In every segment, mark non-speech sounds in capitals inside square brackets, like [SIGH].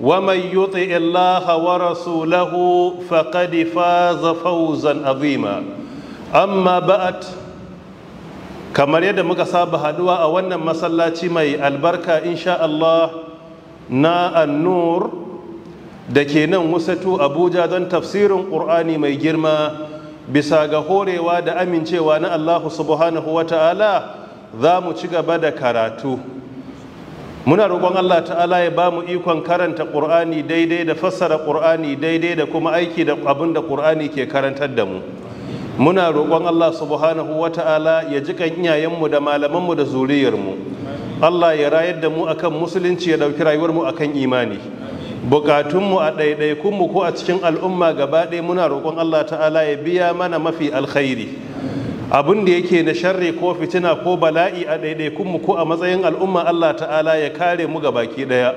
ومن يطع الله ورسوله فقد فاز فوزا عظيما أما بعد kamar yadda muka saba haduwa a wannan masallaci mai albarka insha Allah na annur da ke nan wasatu abuja don tafsirin ƙur'ani mai girma bisa ga horewa da amincewa na allahu subhanahu wa ta'ala za mu ci gaba da karatu muna roƙon Allah ta'ala ya ba mu ikon karanta ƙur'ani daidai da fassara ƙur'ani daidai da kuma aiki da abin da ƙur'ani ke karantar da mu muna roƙon Allah subhanahu wa ta'ala ya ji kan iyayenmu da malamanmu da zuriyarmu Allah ya rayar da mu akan musulunci ya ɗauki rayuwarmu akan imani Buƙatunmu a ɗaiɗaikunmu ko a cikin al'umma gaba ɗaya muna roƙon Allah ta'ala ya biya mana mafi alkhairi abin da yake na sharri ko fitina ko bala'i a ɗaiɗaikunmu ko a matsayin al'umma Allah ta'ala ya kare mu ga baki ɗaya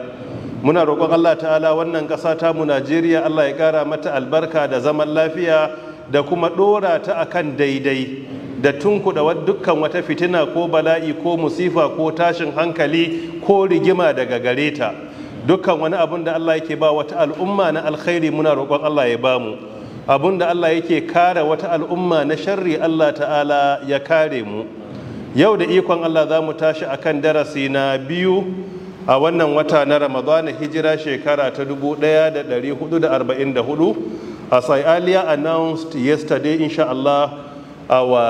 muna roƙon Allah ta'ala wannan ƙasa ta mu Najeriya Allah ya ƙara mata albarka da zaman lafiya da kuma ɗora ta akan daidai da tunkuɗa dukkan wata fitina ko bala'i ko musifa ko tashin hankali ko rigima daga gareta. ta dukkan wani abin da Allah yake ba wata al'umma na alkhairi muna roƙon Allah ya bamu da Allah yake kare wata al'umma na sharri Allah ta'ala ya kare mu yau da ikon Allah za mu tashi a kan darasi na biyu a wannan wata na ramadana hijira shekara ta 1444 as I earlier announced yesterday inshallah our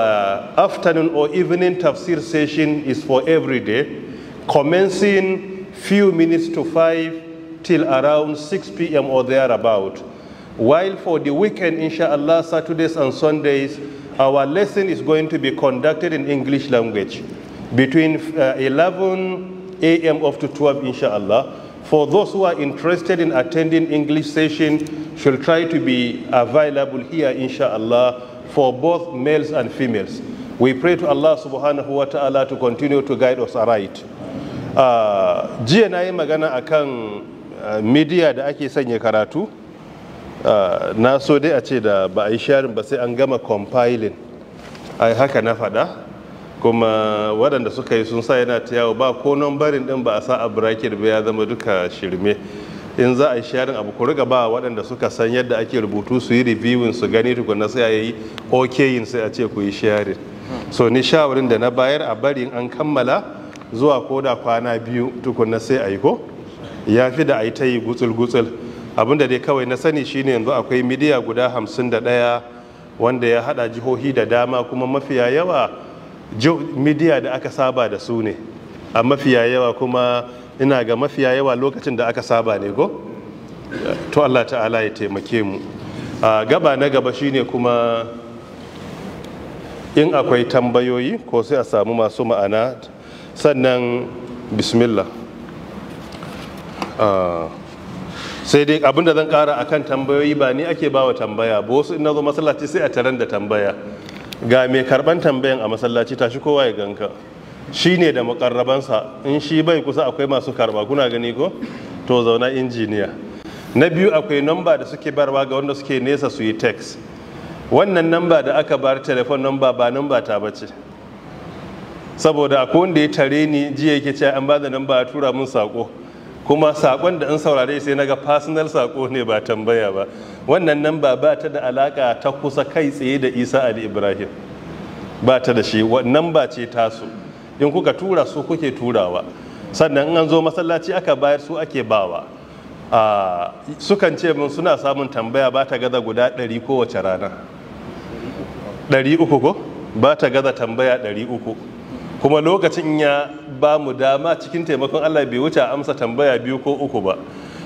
afternoon or evening tafsir session is for every day commencing few minutes to 5 till around 6 p.m. or thereabout While for the weekend, inshallah, Saturdays and Sundays, our lesson is going to be conducted in English language between uh, 11 a.m. up to 12, inshallah. For those who are interested in attending English session, should try to be available here, inshallah, for both males and females. We pray to Allah subhanahu wa ta'ala to continue to guide us aright. Uh, jiya magana akang uh, media da ake sanya karatu na so dai a ce da ba a yi sharing ba sai an gama compiling ai haka na faɗa kuma waɗanda suka yi sun sa yana ta yawo ba ko barin ɗin ba a sa a bracket ba ya zama duka shirme in za a yi sharing abu ku riga ba waɗanda suka san yadda ake rubutu su yi reviewing su gani tukuna sai a yi okeyin sai a ce ku yi sharing so ni shawarin da na bayar a bari an kammala zuwa ko da kwana biyu tukuna sai a yi ko ya fi da a yi ta yi gutsul-gutsul abinda dai kawai na sani shine yanzu akwai midiya guda hamsin wanda ya haɗa jihohi da dama kuma mafiya yawa midiya da aka saba da su ne a mafiya yawa kuma ina ga mafiya yawa lokacin da aka saba ne go to allah ta'ala ya taimake mu a gaba na gaba shine kuma in akwai tambayoyi ko sai a samu masu ma'ana sannan bismillah ah. sai dai abin da zan kara akan tambayoyi ba ni ake bawa tambaya ba wasu ina zo masallaci sai a taran da tambaya ga mai karban tambayan a masallaci tashi kowa ya ganka shi ne da makarrabansa in shi bai kusa akwai masu karba kuna gani ko to zauna injiniya na biyu akwai namba da suke barwa ga wanda suke nesa su yi text wannan namba da aka bar telefon namba ba namba ta bace saboda akwai wanda ya tare ni jiya yake ce an ba da namba ya tura mun sako kuma sakon da in saurare sai naga personal sako ne ba tambaya ba wannan nan ba ba ta da alaka ta kusa kai tsaye da isa ali ibrahim ba ta da shi wannan ba ce tasu in kuka tura su kuke turawa sannan in an zo masallaci aka bayar su ake bawa sukan ce min suna samun tambaya ba ta gaza guda ɗari kowace rana ɗari uku ko ba ta gaza tambaya ɗari uku kuma lokacin ya ba mu dama cikin taimakon Allah bai wuce amsa tambaya biyu ko uku ba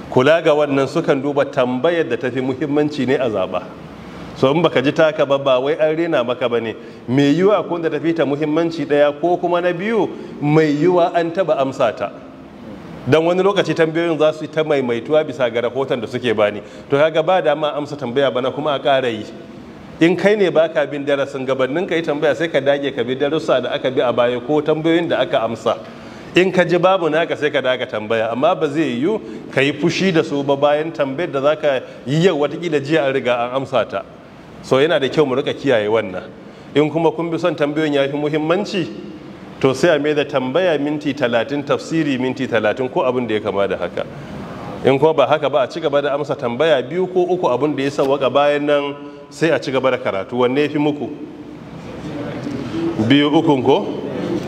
kula ga wannan sukan duba tambayar da tafi muhimmanci ne a zaba so in baka ji taka ba ba wai an rena maka bane mai yiwa ko da tafi ta muhimmanci daya ko kuma na biyu mai yiwa an taba amsa ta dan wani lokaci tambayoyin za su ta maimaituwa bisa ga rahoton da suke bani to kaga ba dama amsa tambaya bana kuma a ƙara yi in kai ne baka bin darasin gabanin ka yi tambaya sai ka dage ka bi darussa da aka bi a baya ko tambayoyin da aka amsa in ka ji babu naka sai ka daga tambaya amma ba zai yiwu ka yi fushi da su ba bayan tambayar da za ka yi yau watakila jiya an riga an amsa ta so yana da kyau mu rika kiyaye wannan in kuma kun bi son tambayoyin ya fi muhimmanci to sai a mai da tambaya minti talatin tafsiri minti talatin ko abin da ya kama da haka in kuma ba haka ba a ci gaba da amsa tambaya biyu ko uku abin da ya sawaka bayan nan sai a ci gaba da karatu wanne fi muku biyu ukun ko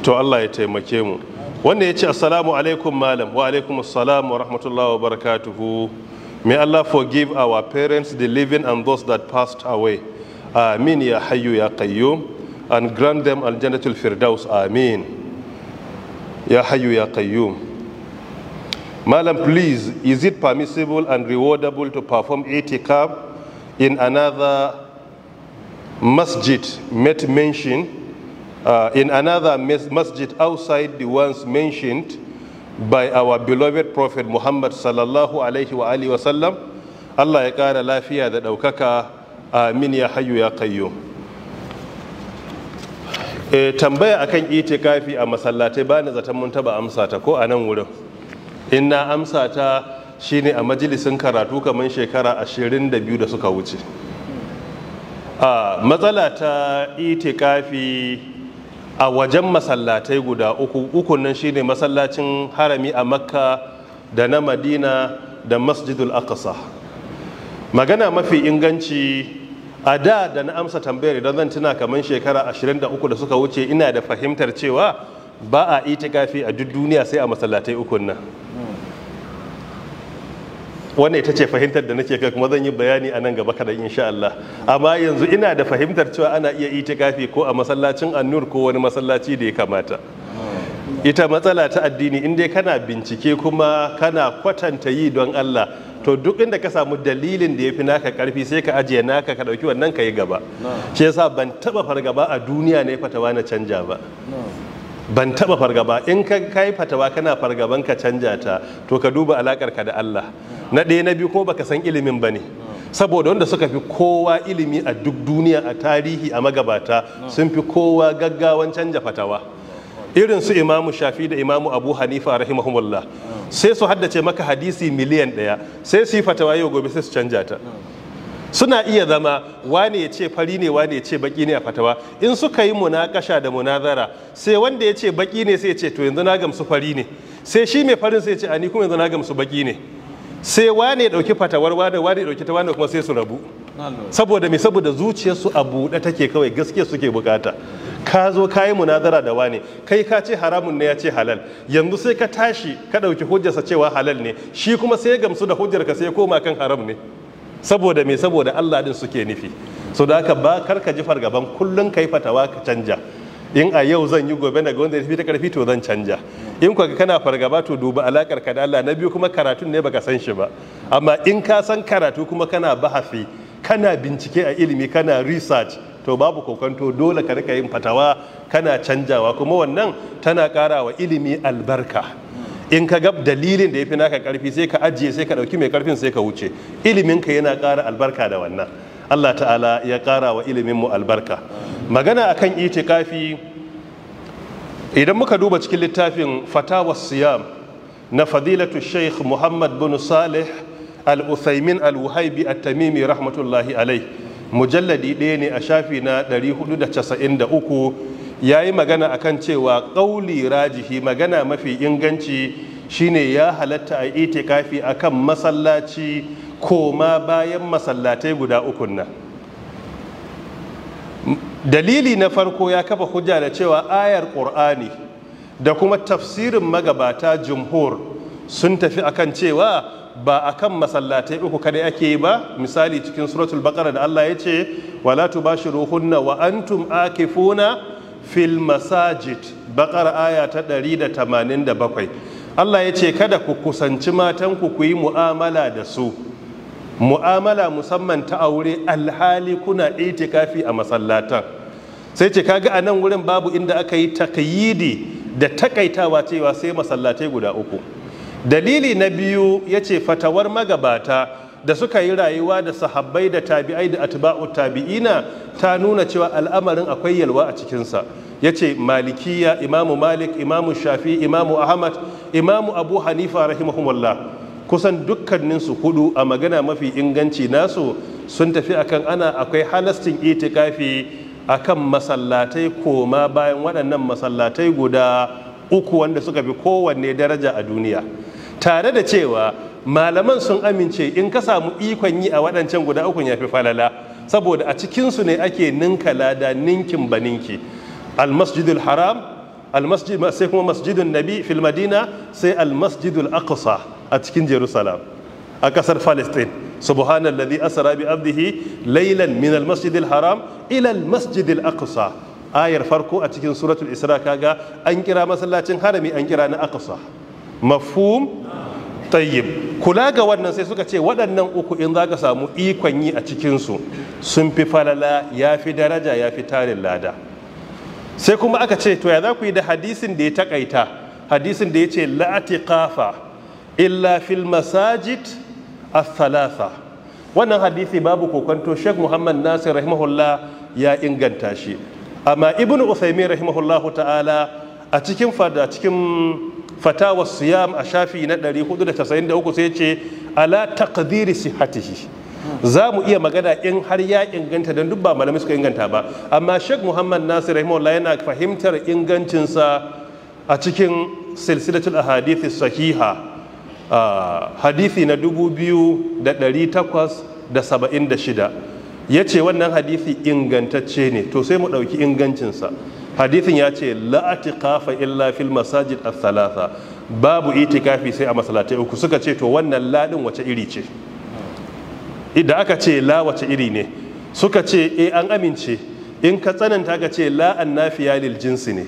to Allah ya taimake mu wanda ya ce assalamu alaikum malam wa alaikum assalamu wa rahmatullahi wa barakatuhu may Allah forgive our parents the living and those that passed away amin ya hayyu ya qayyum and grant them al-jannatul firdaus amin ya hayyu ya qayyum Malam, please, is it permissible and rewardable to perform itikaf in another masjid met mention uh, in another masjid outside the ones mentioned by our beloved prophet muhammad sallallahu alaihi wa alihi wasallam allah ya kara lafiya da ɗaukaka amin ya hayyu ya qayyum e, tambaya akan itikafi a masallatai ba zaton mun taba amsa ta ko a nan wurin in na amsa ta shine a majalisin karatu kamar shekara 22 da suka wuce a matsala ta itikafi a wajen masallatai guda uku shi shine masallacin harami a makka da na madina da masjidul aqsa magana mafi inganci a da da na amsa tambayar idan zan tuna kamar shekara 23 da suka wuce ina da fahimtar cewa ba a itikafi a duk duniya sai a masallatai ukun nan wannan ita ce fahimtar da nake kai kuma zan yi bayani a nan gaba kaɗan insha Allah amma yanzu ina da fahimtar cewa ana iya itikafi ko a masallacin annur ko wani masallaci da ya kamata ita matsala ta addini in dai kana bincike kuma kana kwatanta yi don Allah to duk inda ka samu dalilin da ya fi naka karfi sai ka ajiye naka ka ɗauki wannan ka yi gaba shi yasa ban taɓa fargaba a duniya ne fatawa na canja ba ban taba fargaba in ka kai fatawa kana fargaban ka canja ta to ka duba alakar ka da Allah na ɗaya na biyu ko baka san ilimin ba ne saboda wanda suka fi kowa ilimi a duk duniya a tarihi a magabata sun fi kowa gaggawan canja fatawa irin su imamu shafi da imamu abu hanifa rahimahumullah sai su haddace maka hadisi miliyan ɗaya sai su yi fatawa yau gobe sai su canja ta suna iya zama wane ya ce fari ne wane ya ce baki ne a fatawa in suka yi munakasha da munazara sai wanda ya ce baki ne sai ya ce to yanzu na gamsu fari ne sai shi mai farin sai ya ce a ni kuma yanzu na gamsu baki ne sai wane ya dauki fatawar wane wane ya dauki ta wane kuma sai su rabu saboda me saboda zuciyarsu a buɗe take kawai gaskiya suke bukata ka zo ka yi munazara da wane kai ka ce haramun ne ya ce halal yanzu sai ka tashi ka dauki hujjarsa cewa halal ne shi kuma sai ya gamsu da hujjarka sai ya koma kan haram ne saboda me saboda Allah din suke nufi so da haka ba kar ka ji fargaban kullun kai fatawa ka canja in a yau zan yi gobe daga wanda ya fi ta karfi to zan canja in kwa kana fargaba to duba alakar ka da Allah na biyu kuma karatun ne baka san shi ba amma in ka san karatu kuma kana bahafi kana bincike a ilimi kana research to babu kokonto dole ka rika yin fatawa kana canjawa kuma wannan tana kara wa ilimi albarka in ka gab dalilin da ya fi naka karfi sai ka ajiye sai ka dauki mai karfin sai ka wuce ilimin ka yana ƙara albarka da wannan Allah ta'ala ya ƙara wa iliminmu albarka magana akan itikafi idan muka duba cikin littafin fatawa siyam na fadilatu sheikh muhammad bin salih al-uthaymin al-wuhaibi at-tamimi rahmatullahi alai mujalladi ɗaya ne a shafi na 493 ya yi magana akan cewa ƙauli rajihi magana mafi inganci shine ya halatta a itikafi akan masallaci koma bayan masallatai guda ukun nan dalili na farko ya kafa hujja da cewa ayar ƙur'ani da kuma tafsirin magabata jumhur sun tafi akan cewa ba akan masallatai uku kada ake yi ba misali cikin suratul baqara da Allah ya ce wala tubashiruhunna wa antum akifuna fil masajid bakar aya ta 187 Allah ya ce kada ku kusanci matanku ku yi mu'amala da su mu'amala musamman ta aure alhali kuna itikafi a masallatan sai ce kaga a nan wurin babu inda aka yi takayidi da takaitawa cewa sai masallatai guda uku dalili na biyu ya ce fatawar magabata da suka yi rayuwa da sahabbai da tabi'ai da atba'u tabi'ina ta nuna cewa al'amarin akwai yalwa a cikinsa ya ce malikiya imamu malik imamu shafi imamu ahmad imamu abu hanifa rahimahumullah kusan dukkaninsu hudu a magana mafi inganci nasu sun tafi akan ana akwai halastin itikafi akan masallatai koma bayan waɗannan masallatai guda uku wanda suka fi kowanne daraja a duniya tare da cewa malaman sun amince in ka samu ikon yi a waɗancan guda ukun ya fi falala saboda a cikinsu ne ake ninka lada ninkin baninki almasjidul haram sai kuma masjidun nabi fil madina sai almasjidul aqsa a cikin jerusalem a ƙasar palestine Ladi asra bi abdihi laylan min almasjidil haram ila almasjidil aqsa ayar farko a cikin suratul isra kaga an kira masallacin harami an kira na aqsa mafhum tayyib kula ga wannan sai suka ce waɗannan uku in za ka samu ikon yi a cikinsu sun fi falala ya fi daraja ya fi tarin lada sai kuma aka ce to ya za ku yi da hadisin da ya takaita hadisin da ya ce la'ati kafa illa fil masajid as-salasa wannan hadisi babu kokonto Sheikh Muhammad Nasir rahimahullah ya inganta shi amma Ibn Uthaymeen rahimahullah ta'ala a cikin fada cikin fatawa siyam a shafi na 493 sai ce ala taqdiri sihatihi za mu iya magana in har ya inganta don duk ba malamai suka inganta ba amma sheikh muhammad nasir rahimahullah yana fahimtar ingancinsa a cikin silsilatul hadithi sahiha hadithi na 2876 ya ce wannan hadithi ingantacce ne to sai mu ɗauki ingancinsa hadithin ya ce kafa illa fil masajid al-thalatha babu itikafi sai a masalatai uku suka ce to wannan ladin wace iri ce idan aka ce la wace iri ne suka ce e an amince in ka tsananta ka ce la nafiya lil jinsi ne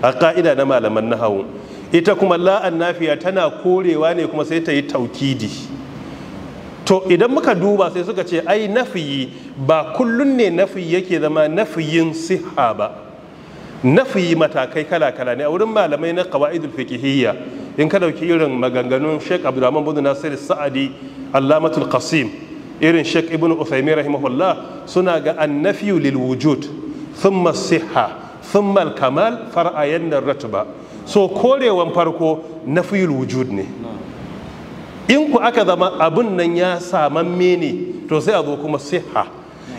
a ka'ida na malaman na nahawu ita kuma la nafiya tana korewa ne kuma sai ta yi taukidi to idan muka duba sai suka ce ai nafiyi ba kullun ne nafi yake zama nafiyin siha ba nafi matakai kala-kala ne a wurin malamai na qawaidul fiqhiyya in ka dauki irin maganganun Sheikh Abdulrahman bin Nasir Sa'adi Allamatul Qasim irin Sheikh Ibn Uthaymeen rahimahullah suna ga annafi lil wujud thumma siha thumma al kamal far'ayan ratba so korewan farko nafiyul wujud ne in ku aka zama abun nan ya saman ne to sai a zo kuma sihha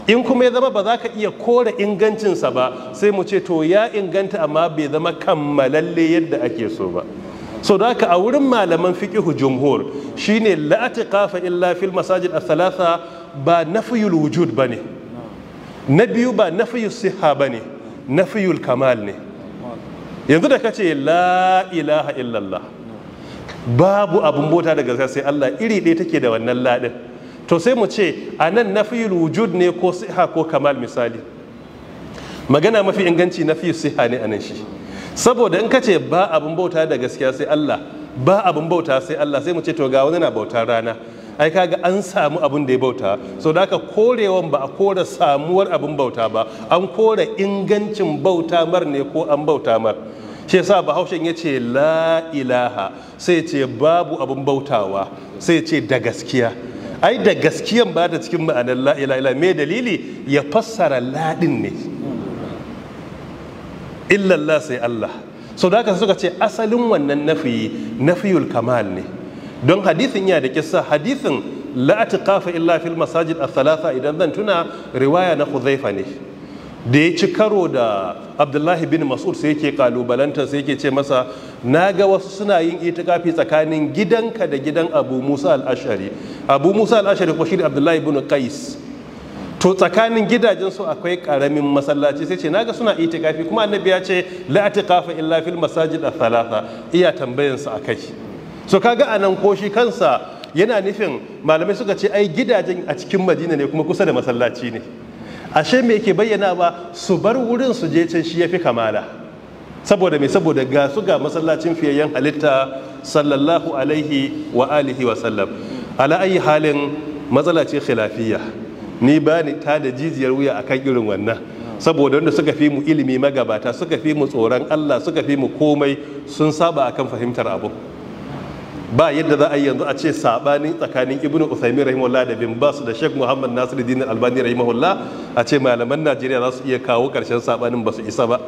in kuma ya zama ba za ka iya kore ingancinsa ba sai mu ce to ya inganta amma bai zama kammalalle yadda ake so ba so da haka a wurin malaman fiqihu jumhur shine la kafa illa fil masajid a salasa ba nafiyul wujud bane na biyu ba nafiyus siha bane nafiyul kamal ne yanzu da kace la ilaha illallah babu abun bota da gaskiya sai Allah iri ɗaya take da wannan ladin to sai mu ce a nan na fi wujud ne ko siha ko kamal misali magana mafi inganci na fi siha ne a nan shi saboda in ka ce ba abin bauta da gaskiya sai Allah ba abin bauta sai Allah sai mu ce to ga wani na bautar rana ai kaga an samu abin da ya bauta so da aka korewan ba a kore samuwar abin bauta ba an kore ingancin bauta mar ne ko an bauta mar shi yasa bahaushen ya ce la ilaha sai ce babu abin bautawa sai ce da gaskiya ai da gaskiyan ba da cikin ma'anar la'ila ilaha me dalili ya fassara ladin ne illallah sai Allah so da aka suka ce asalin wannan nafi nafiyul kamal ne don hadithin ya da kisa hadithin la illa fil masajid a thalatha idan zan tuna riwaya na Hudhaifa ne da ya ci karo da abdullahi bin mas'ud sai yake kalubalanta sai yake ce masa na ga wasu suna yin itikafi tsakanin gidanka da gidan abu musa al'ashari abu musa al'ashari ko shi da abdullahi bin qais to tsakanin gidajen su akwai karamin masallaci sai ce naga suna itikafi kuma annabi ya ce la in illa fil masajid thalatha iya tambayan a akai so kaga anan ko shi kansa yana nufin malamai suka ce ai gidajen a cikin madina ne kuma kusa da masallaci ne ashe me yake bayyana ba su bar wurin su je can shi ya fi kamala saboda mai saboda ga su ga masallacin fiyayyen halitta sallallahu alaihi wa alihi wa sallam ala ayi halin matsala ce ni ba ni ta da jijiyar wuya akan irin wannan saboda wanda suka fi mu ilimi magabata suka fi mu tsoron Allah suka fi mu komai sun saba akan fahimtar abu ba yadda za a yi yanzu a ce sabanin tsakanin ibnu usaimi rahimahullah da bin basu da sheikh muhammad Nasiru nasiruddin albani rahimahullah a ce malaman najeriya za su iya kawo karshen sabanin ba su isa ba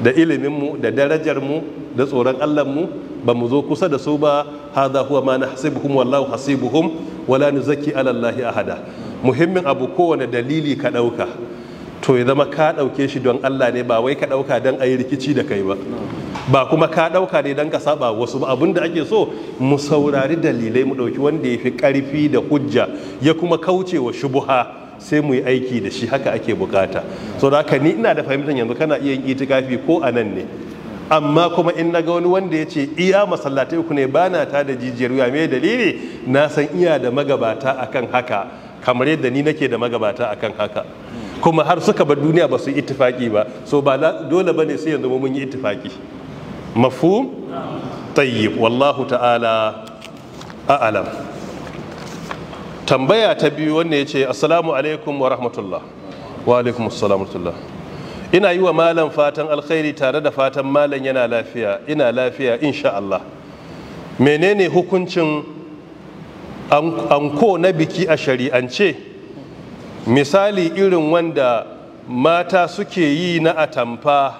da iliminmu da darajarmu da tsoron allahnmu ba mu zo kusa da su ba hadha huwa ma nahsibuhum wallahu hasibuhum wala nuzakki ala allahi ahada muhimmin abu kowane dalili ka ɗauka. to ya zama ka ɗauke shi don allah ne ba wai ka ɗauka don a yi rikici da kai ba ba kuma ka ɗauka ne don ka saba wasu ba abin da ake so mu saurari dalilai mu ɗauki wanda ya fi ƙarfi da hujja ya kuma kauce wa shubuha sai mu yi aiki da shi haka ake bukata so da haka ni ina da fahimtar yanzu kana iya yin itikafi ko a nan ne amma kuma in naga wani wanda ya ce iya masallatai uku ne bana ta da jijiyar wuya mai dalili na san iya da magabata akan haka kamar yadda ni nake da magabata akan haka kuma har suka bar duniya ba su yi ittifaki ba so ba dole bane sai yanzu mun yi ittifaki mafhum tayyib wallahu ta'ala a'lam tambaya ta biyu wanda ya ce assalamu alaikum wa rahmatullah wa alaikum assalamu rahmatullah ina yi wa malam fatan alkhairi tare da fatan malam yana lafiya ina lafiya insha Allah menene hukuncin anko na biki a shari'ance misali irin wanda mata suke yi na atamfa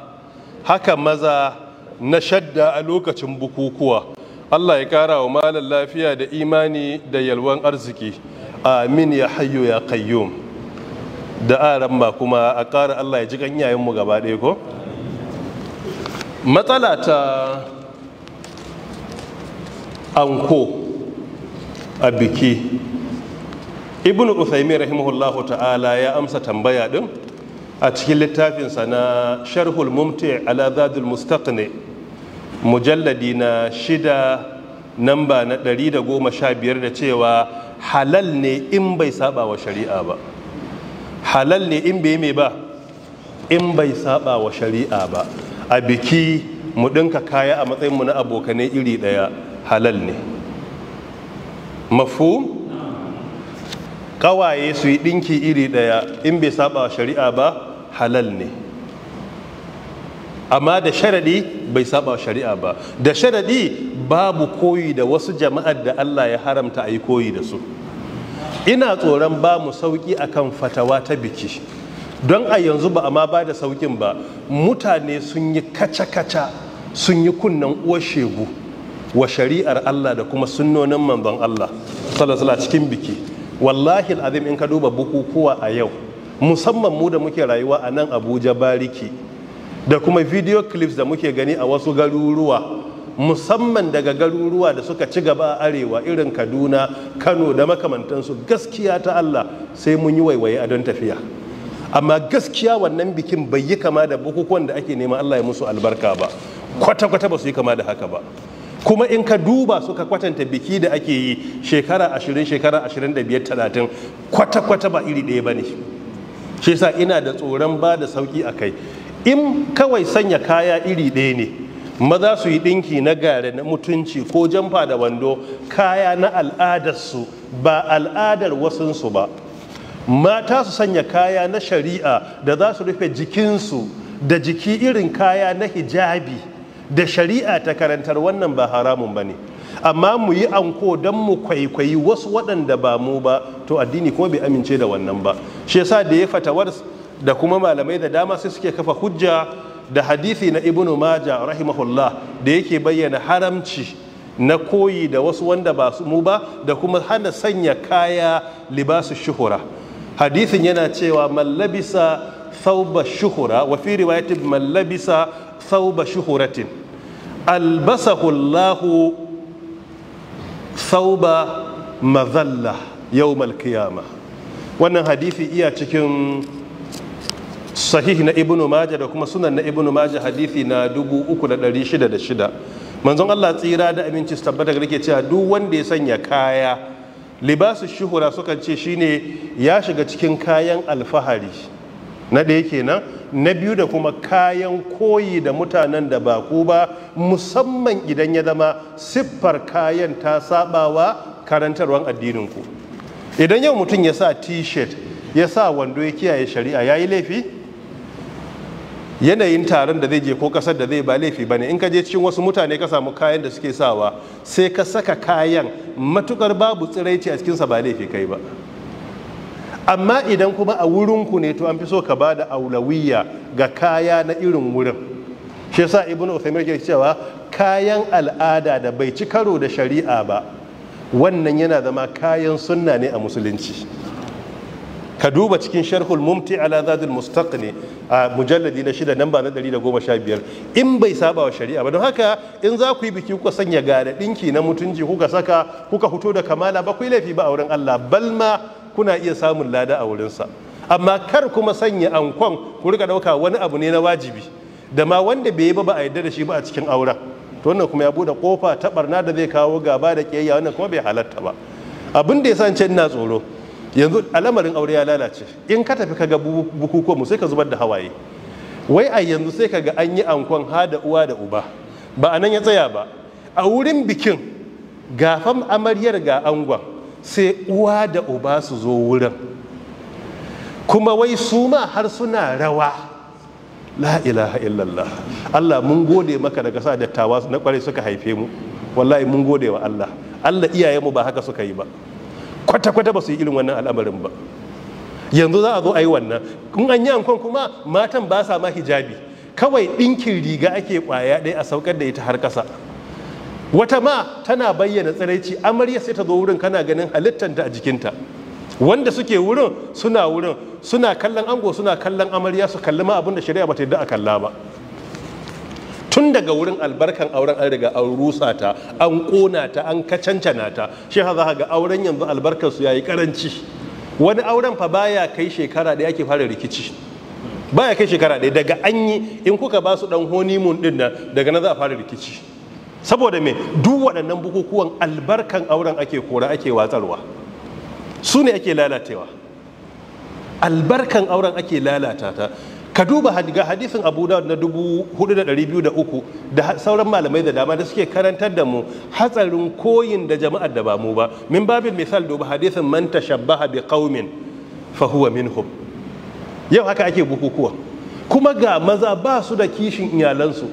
haka maza na shadda a lokacin bukukuwa Allah ya kara wa malar lafiya da imani da yalwan arziki amin ya hayyo ya kayyum da aran ma kuma a ƙara Allah ya ji ganyayenmu gaba ɗaya ko matsala ta anko a biki ibn uthaymin rahimahullahu ta'ala ya amsa tambaya din a cikin littafinsa na sharhul mumti ala zadul mustaqni mujalladi na shida namba na ɗari da goma sha biyar da cewa halal ne in bai saba wa shari'a ba halal ne in bai mai ba in bai saba wa shari'a ba a biki mu ɗinka kaya a matsayinmu na abokanai iri ɗaya halal ne mafu ƙawaye su yi ɗinki iri ɗaya in bai saba wa shari'a ba halal ne amma da sharaɗi bai saba shari'a ba da sharaɗi babu koyi da wasu jama'ar da Allah ya haramta a yi koyi da su ina tsoron ba mu sauƙi akan fatawa ta biki don a yanzu ba amma ba da saukin ba mutane sun yi kaca-kaca sun yi kunnen uwar shegu wa shari'ar Allah da kuma sunnonin manzon Allah salasala cikin biki wallahi azim in ka duba bukukuwa a yau musamman mu da muke rayuwa a nan abuja bariki da kuma video clips da muke gani a wasu garuruwa musamman daga garuruwa da suka ci gaba a arewa irin kaduna kano da makamantansu gaskiya ta allah sai mun yi waiwaye a don tafiya amma gaskiya wannan bikin bai yi kama da bukukuwan da ake nema allah ya musu albarka ba kwata-kwata ba su yi kama da haka ba kuma in ka duba suka kwatanta biki da ake yi shekara 20 shekara 25 30 kwata-kwata ba iri ɗaya ba ne shi yasa ina da tsoron ba da sauki a kai in kawai sanya kaya iri ɗaya ne maza su yi ɗinki na gare na mutunci ko jamfa da wando kaya na al'adarsu ba al'adar wasansu ba mata su sanya kaya na shari'a da za su rufe jikinsu da jiki irin kaya na hijabi da shari'a ta karantar wannan ba haramun ba ne amma mu yi anko don mu kwaikwayi wasu waɗanda ba mu ba to addini ko bai amince da wannan ba shi yasa da ya fatawar da kuma malamai da dama sai suke kafa hujja da hadithi na ibnu maja rahimahullah da yake bayyana haramci na koyi da wasu wanda ba su mu ba da kuma hana sanya kaya libasu shuhura hadithin yana cewa mallabisa thauba shuhura wa fi riwayatin mallabisa thauba shuhuratin albasahu thauba mazalla yawmal qiyamah wannan hadithi iya cikin sahih na ibnu maja da kuma sunan na ibnu maja hadithi na 3606 manzon Allah tsira da aminci su tabbata da rike cewa duk wanda ya sanya kaya libasu shuhura sukan ce shine ya shiga cikin kayan alfahari na ɗaya kenan na biyu da kuma kayan koyi da mutanen da ba ku ba musamman idan ya zama siffar kayan ta sabawa karantarwar addinin ku idan yau mutum ya sa t-shirt ya sa wando ya kiyaye shari'a ya yi laifi yanayin taron da zai je ko kasar da zai ba laifi ba ne. in ka je cikin wasu mutane ka samu kayan da suke sawa sai ka saka kayan matukar babu tsiraici a cikinsa ba laifi kai ba amma idan kuma a wurinku ne to an fi so ka ba da aulawiya ga kaya na irin wurin shi yasa ibnu uthaymeen ke cewa kayan al'ada da bai ci karo da shari'a ba wannan yana zama kayan sunna ne a musulunci ka duba cikin sharhul mumti ala zadul mustaqni a mujalladi na shida namba na 115 in bai saba wa shari'a ba don haka in za ku yi biki kuka sanya gada dinki na mutunci kuka saka kuka fito da kamala ba ku yi laifi ba a wurin Allah balma kuna iya samun lada a wurin sa amma kar kuma sanya ankon ku rika dauka wani abu ne na wajibi da ma wanda bai yi ba ba a yarda da shi ba a cikin auren to wannan kuma ya bude kofa ta barna da zai kawo gaba da kiyayya wannan kuma bai halatta ba abin da ya san ina tsoro yanzu a lamarin aure ya lalace in ka tafi kaga bukukuwan mu sai ka zubar da hawaye wai a yanzu sai kaga an yi ankon ha da uwa da uba ba a nan ya tsaya ba a wurin bikin gafan amaryar ga angon sai uwa da uba su zo wurin kuma wai su ma har suna rawa la ilaha illallah Allah mun gode maka daga sa dattawa na kwarai suka haife mu wallahi mun gode wa Allah Allah iyayenmu ba haka suka yi ba kwata-kwata ba su yi irin wannan al'amarin ba yanzu za a zo a yi wannan in an yi ankon kuma matan ba sa ma hijabi kawai ɗinkin riga ake ƙwaya ɗaya a saukar da ita har ƙasa wata ma tana bayyana tsiraici amarya sai ta zo wurin kana ganin halittanta a jikinta wanda suke wurin suna wurin suna kallon ango suna kallon amarya su kalli ma abin da shari'a ba ta yadda a kalla ba tun daga wurin albarkan auren an riga an rusa ta an kona ta an kacancana ta shi ha ga auren yanzu albarkar su yayi karanci wani auren fa baya kai shekara da yake fara rikici baya kai shekara ɗaya daga anyi in kuka ba su dan honeymoon din nan daga nan za a fara rikici saboda me duk waɗannan bukukuwan albarkan auren ake kora ake watsarwa su ne ake lalatewa albarkan auren ake lalata ta ka duba ga hadisin abu dawud na 4,203 da sauran malamai da dama da suke karantar da mu hatsarin koyin da jama'ar da ba mu ba min babin misal duba hadisin man tashabbaha bi qaumin fa huwa minhum yau haka ake bukukuwa kuma ga maza ba su da kishin iyalansu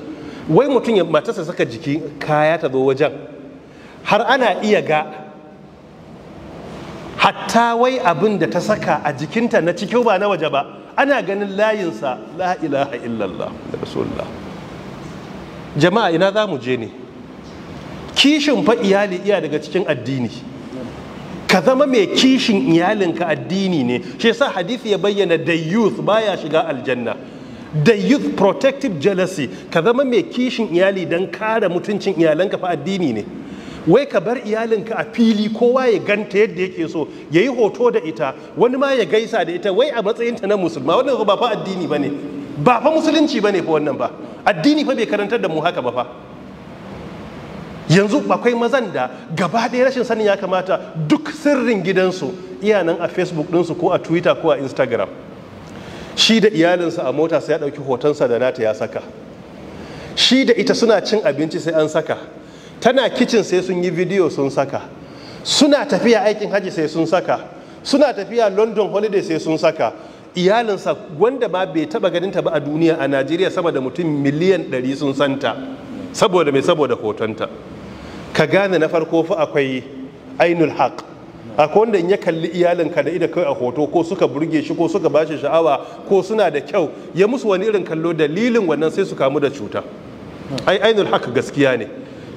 wai mutum ya matarsa saka jiki kaya ta zo wajen har ana iya ga hatta wai abin da ta saka a jikinta na cikin ba na waje ba ana ganin layinsa la ilaha illallah da rasulullah jama'a ina za mu je ne kishin fa iyali iya daga cikin addini ka zama mai kishin iyalinka addini ne shi yasa hadisi ya bayyana da youth ya shiga aljanna da youth protective jealousy ka zama mai kishin iyali don kare mutuncin iyalanka fa addini ne wai ka bar iyalinka a fili kowa ya ganta yadda yake so ya yi hoto da ita wani ma ya gaisa da ita wai a matsayinta na musulma wannan ba fa addini ba ne ba fa musulunci ba ne fa wannan ba addini fa bai karantar da mu haka ba fa yanzu akwai mazan da gaba ɗaya rashin sanin ya kamata duk sirrin gidansu iya a facebook ɗinsu ko a twitter ko a instagram shi da iyalinsa a mota sai ya ɗauki hotonsa da nata ya saka shi da ita suna cin abinci sai an saka tana kicin sai sun yi bidiyo sun saka suna tafiya aikin haji sai sun saka suna tafiya london holiday sai sun saka iyalinsa wanda ma bai taba ta ba a duniya a najeriya sama da mutum miliyan 100 sun santa saboda mai saboda hotonta ka gane na farko fa akwai ainul haq akwai wanda in ya kalli iyalinka da ida kai a hoto ko suka burge shi ko suka bashi sha'awa ko suna da kyau ya musu wani irin kallo dalilin wannan sai su kamu da cuta ai ainul haq gaskiya ne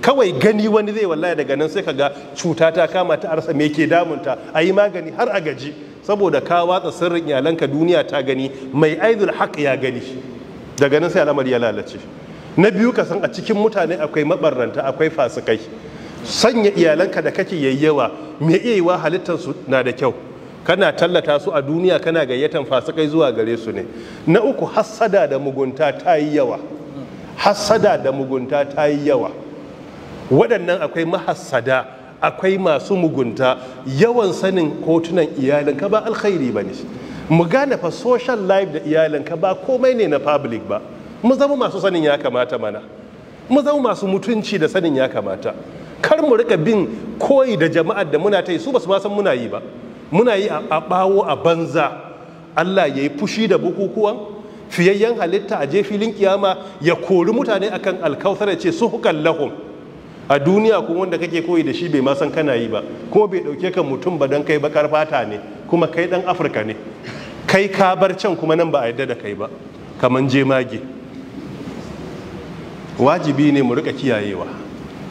kawai gani wani zai wallahi daga nan sai kaga cuta ta kama ta arsa me ke damunta a yi magani har a gaji saboda ka watsa sirrin iyalanka duniya ta gani mai aizul haq ya gani daga nan sai al'amari ya lalace na biyu ka san a cikin mutane akwai mabarranta akwai fasikai sanya iyalanka da kake yayyawa me iya yiwa halittar su na da kyau kana tallata su a duniya kana gayyatan fasikai zuwa gare su ne na uku hassada da mugunta ta yi yawa hassada da mugunta ta yi yawa waɗannan akwai mahassada akwai masu mugunta yawan sanin kotunan ka ba alkhairi ba ne mu gane fa social life da ka ba komai ne na public ba mu zama masu sanin ya kamata mana mu zama masu mutunci da sanin ya kamata kar mu rika bin koyi da jama'ar da muna ta yi su basu ma san muna yi ba muna yi a bawo a banza Allah ya yi fushi da bukukuwan fiyayyen halitta a je filin kiyama ya kori mutane akan alkautar ya ce su hukan lahum a duniya ko wanda kake koyi da shi bai ma san kana yi ba kuma bai dauke ka mutum ba don kai bakar fata ne kuma kai dan afirka ne kai ka bar can kuma nan ba a yadda da kai ba Kamar jemage wajibi ne mu rika kiyayewa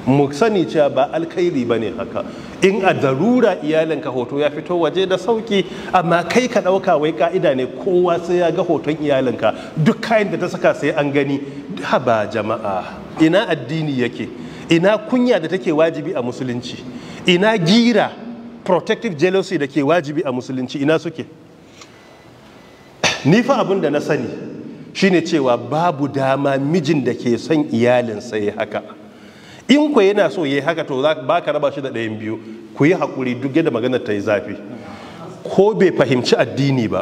mu sani cewa ba alkhairi ba ne haka in a darura iyalinka hoto ya fito waje da sauki amma kai ka ɗauka wai ka'ida ne kowa sai ya ga hoton iyalinka duk kayan da ta saka sai an gani ba jama'a ina addini yake ina kunya da take wajibi a musulunci ina gira protective jealousy da ke wajibi a musulunci ina suke ni fa abin da na sani shine cewa babu dama mijin da ke son iyalinsa ya haka in ku yana so ya haka to ba ka raba shi da ɗayan biyu ku yi haƙuri duk yadda maganar ta yi zafi ko bai fahimci addini ba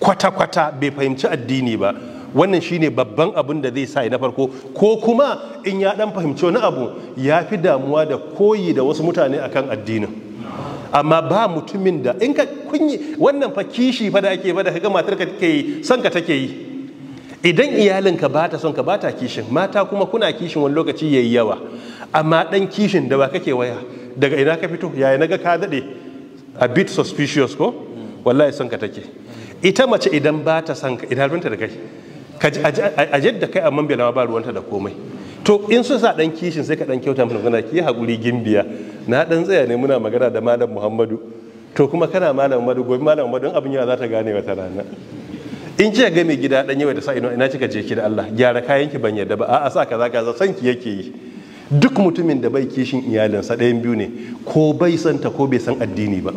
kwata-kwata bai fahimci addini ba wannan shine babban abin da zai sa na farko ko kuma in ya dan fahimci wani abu ya fi damuwa da koyi da wasu mutane akan addinin amma ba mutumin da in ka kunyi wannan fa kishi fa da ake fa da kaga matar ka take yi son ka take yi idan iyalinka ba ta son ka ba ta kishin mata kuma kuna kishin wani lokaci yayi yawa amma dan kishin da ba kake waya daga ina ka fito yaya naga ka dade a bit suspicious ko wallahi son ka take ita mace idan ba ta son ka idan da kai a jadda kai amma bai ba ruwanta da komai to in sun sa dan kishin sai ka dan kyauta mana magana ki hakuri gimbiya na dan tsaya ne muna magana da malam muhammadu to kuma kana malam muhammadu gobe malam muhammadu abin yawa za ta gane wata rana in ce ga mai gida dan yawa da sa ina kika je ki da Allah gyara kayan ki ban yadda ba a'a sa za ka san ki yake yi duk mutumin da bai kishin iyalinsa ɗayan biyu ne ko bai santa ko bai san addini ba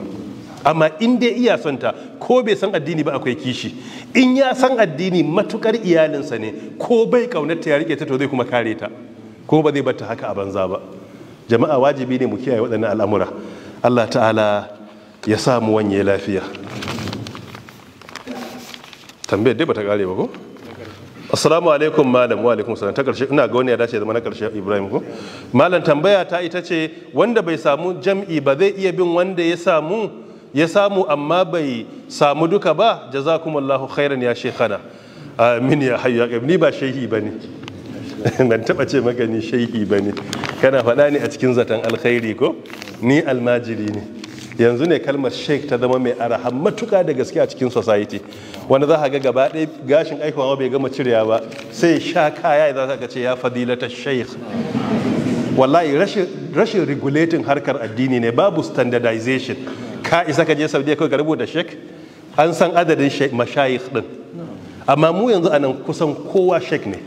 amma in dai iya son ta ko bai san addini ba akwai kishi in ya san addini matukar iyalinsa ne ko bai kaunarta ya rike ta to zai kuma kare ta ko ba zai bata haka a banza ba jama'a wajibi ne mu kiyaye waɗannan al'amura Allah ta'ala ya sa mu wanye lafiya tambayar dai bata kare ba ko assalamu alaikum malam wa alaikum salam ta karshe ina ga wani ya dace zama na karshe ibrahim ko malam tambaya ta ita ce wanda bai samu jam'i ba zai iya bin wanda ya samu ya samu amma bai samu duka ba jazakumullahu khairan ya shekara. amin ya hayyu ya ni ba shehi ne [LAUGHS] ban taba ce magani shehi ba ne kana faɗa ni a cikin zaton alkhairi ko ni almajiri ne yanzu ne kalmar sheikh ta zama mai araha matuka da gaske a cikin society wanda za ka ga gaba ɗaya gashin aikawa bai gama cirewa ba sai sha kaya za ka ce ya fadilata sheikh. wallahi rashin regulating harkar addini ne babu standardization ka isa ka je saudiya kawai ka rubuta shek an san adadin mashayikh din amma mu yanzu anan kusan kowa shek ne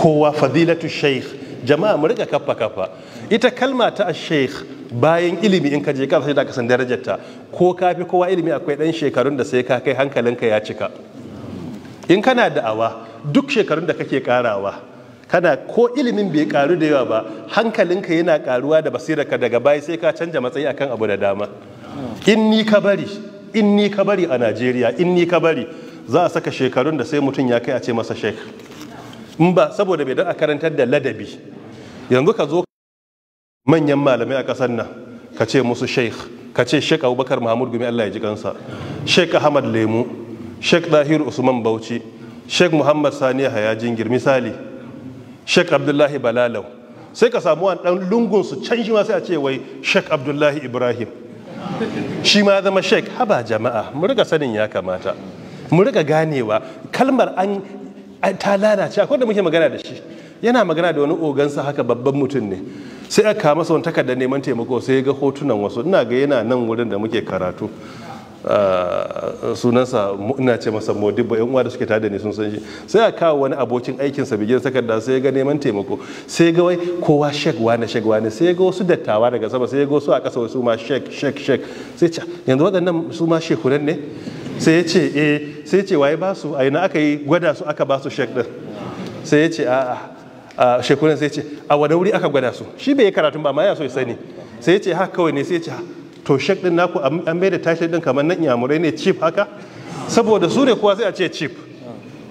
kowa fadilatu sheikh jama'a mu rika kafa kafa ita kalma ta sheikh bayan ilimi in ka je ka sai da ka san ta ko ka kowa ilimi akwai dan shekarun da sai ka kai hankalinka ya cika in kana da'awa duk shekarun da kake karawa kana ko ilimin bai karu da yawa ba hankalinka yana karuwa da basirarka daga baya sai ka canja matsayi akan abu da dama in ni ka bari in ni ka bari a najeriya in ni ka bari za a saka shekarun da sai mutum ya kai a ce masa shek in ba saboda bai don a karantar da ladabi yanzu ka zo manyan malamai a ƙasar nan ka ce musu sheikh ka ce sheikh abubakar mahmud gumi allah ya ji kansa sheikh ahmad lemu shek zahir usman bauchi sheikh muhammad sani Hayajin jingir misali sheikh abdullahi balalau sai ka samu wani ɗan lungunsu can shi ma sai a ce wai sheikh abdullahi ibrahim shi ma zama sheik haba jama'a mu riga sanin ya kamata mu riga ganewa kalmar an ta lalace akwai da muke magana da shi yana magana da wani ogansa haka babban mutum ne sai aka masa wani takardar neman taimako sai ya ga hotunan wasu ina ga yana nan wurin da muke karatu Eh, sunansa ina ce masa modibbo yan uwa da suke tada ne sun san shi sai a kawo wani abokin aikin sa bigin takarda sai ga neman taimako sai ga wai kowa shek wani shek wani sai ga wasu dattawa daga sama sai ga wasu a ƙasa wasu ma shek shek shek sai ce yanzu waɗannan su ma shekunan ne sai ya ce eh sai ya ce waye ba su a ina aka yi gwada su aka ba su shek din sai ya ce a'a shekunan sai ya ce a wani wuri aka gwada su shi bai yi karatun ba amma ya so ya sani sai ya ce ha kawai ne sai ya ce ha to shek din naku an mai da tashi din kamar nan iyamurai ne chief haka saboda su ne kuwa sai a ce chief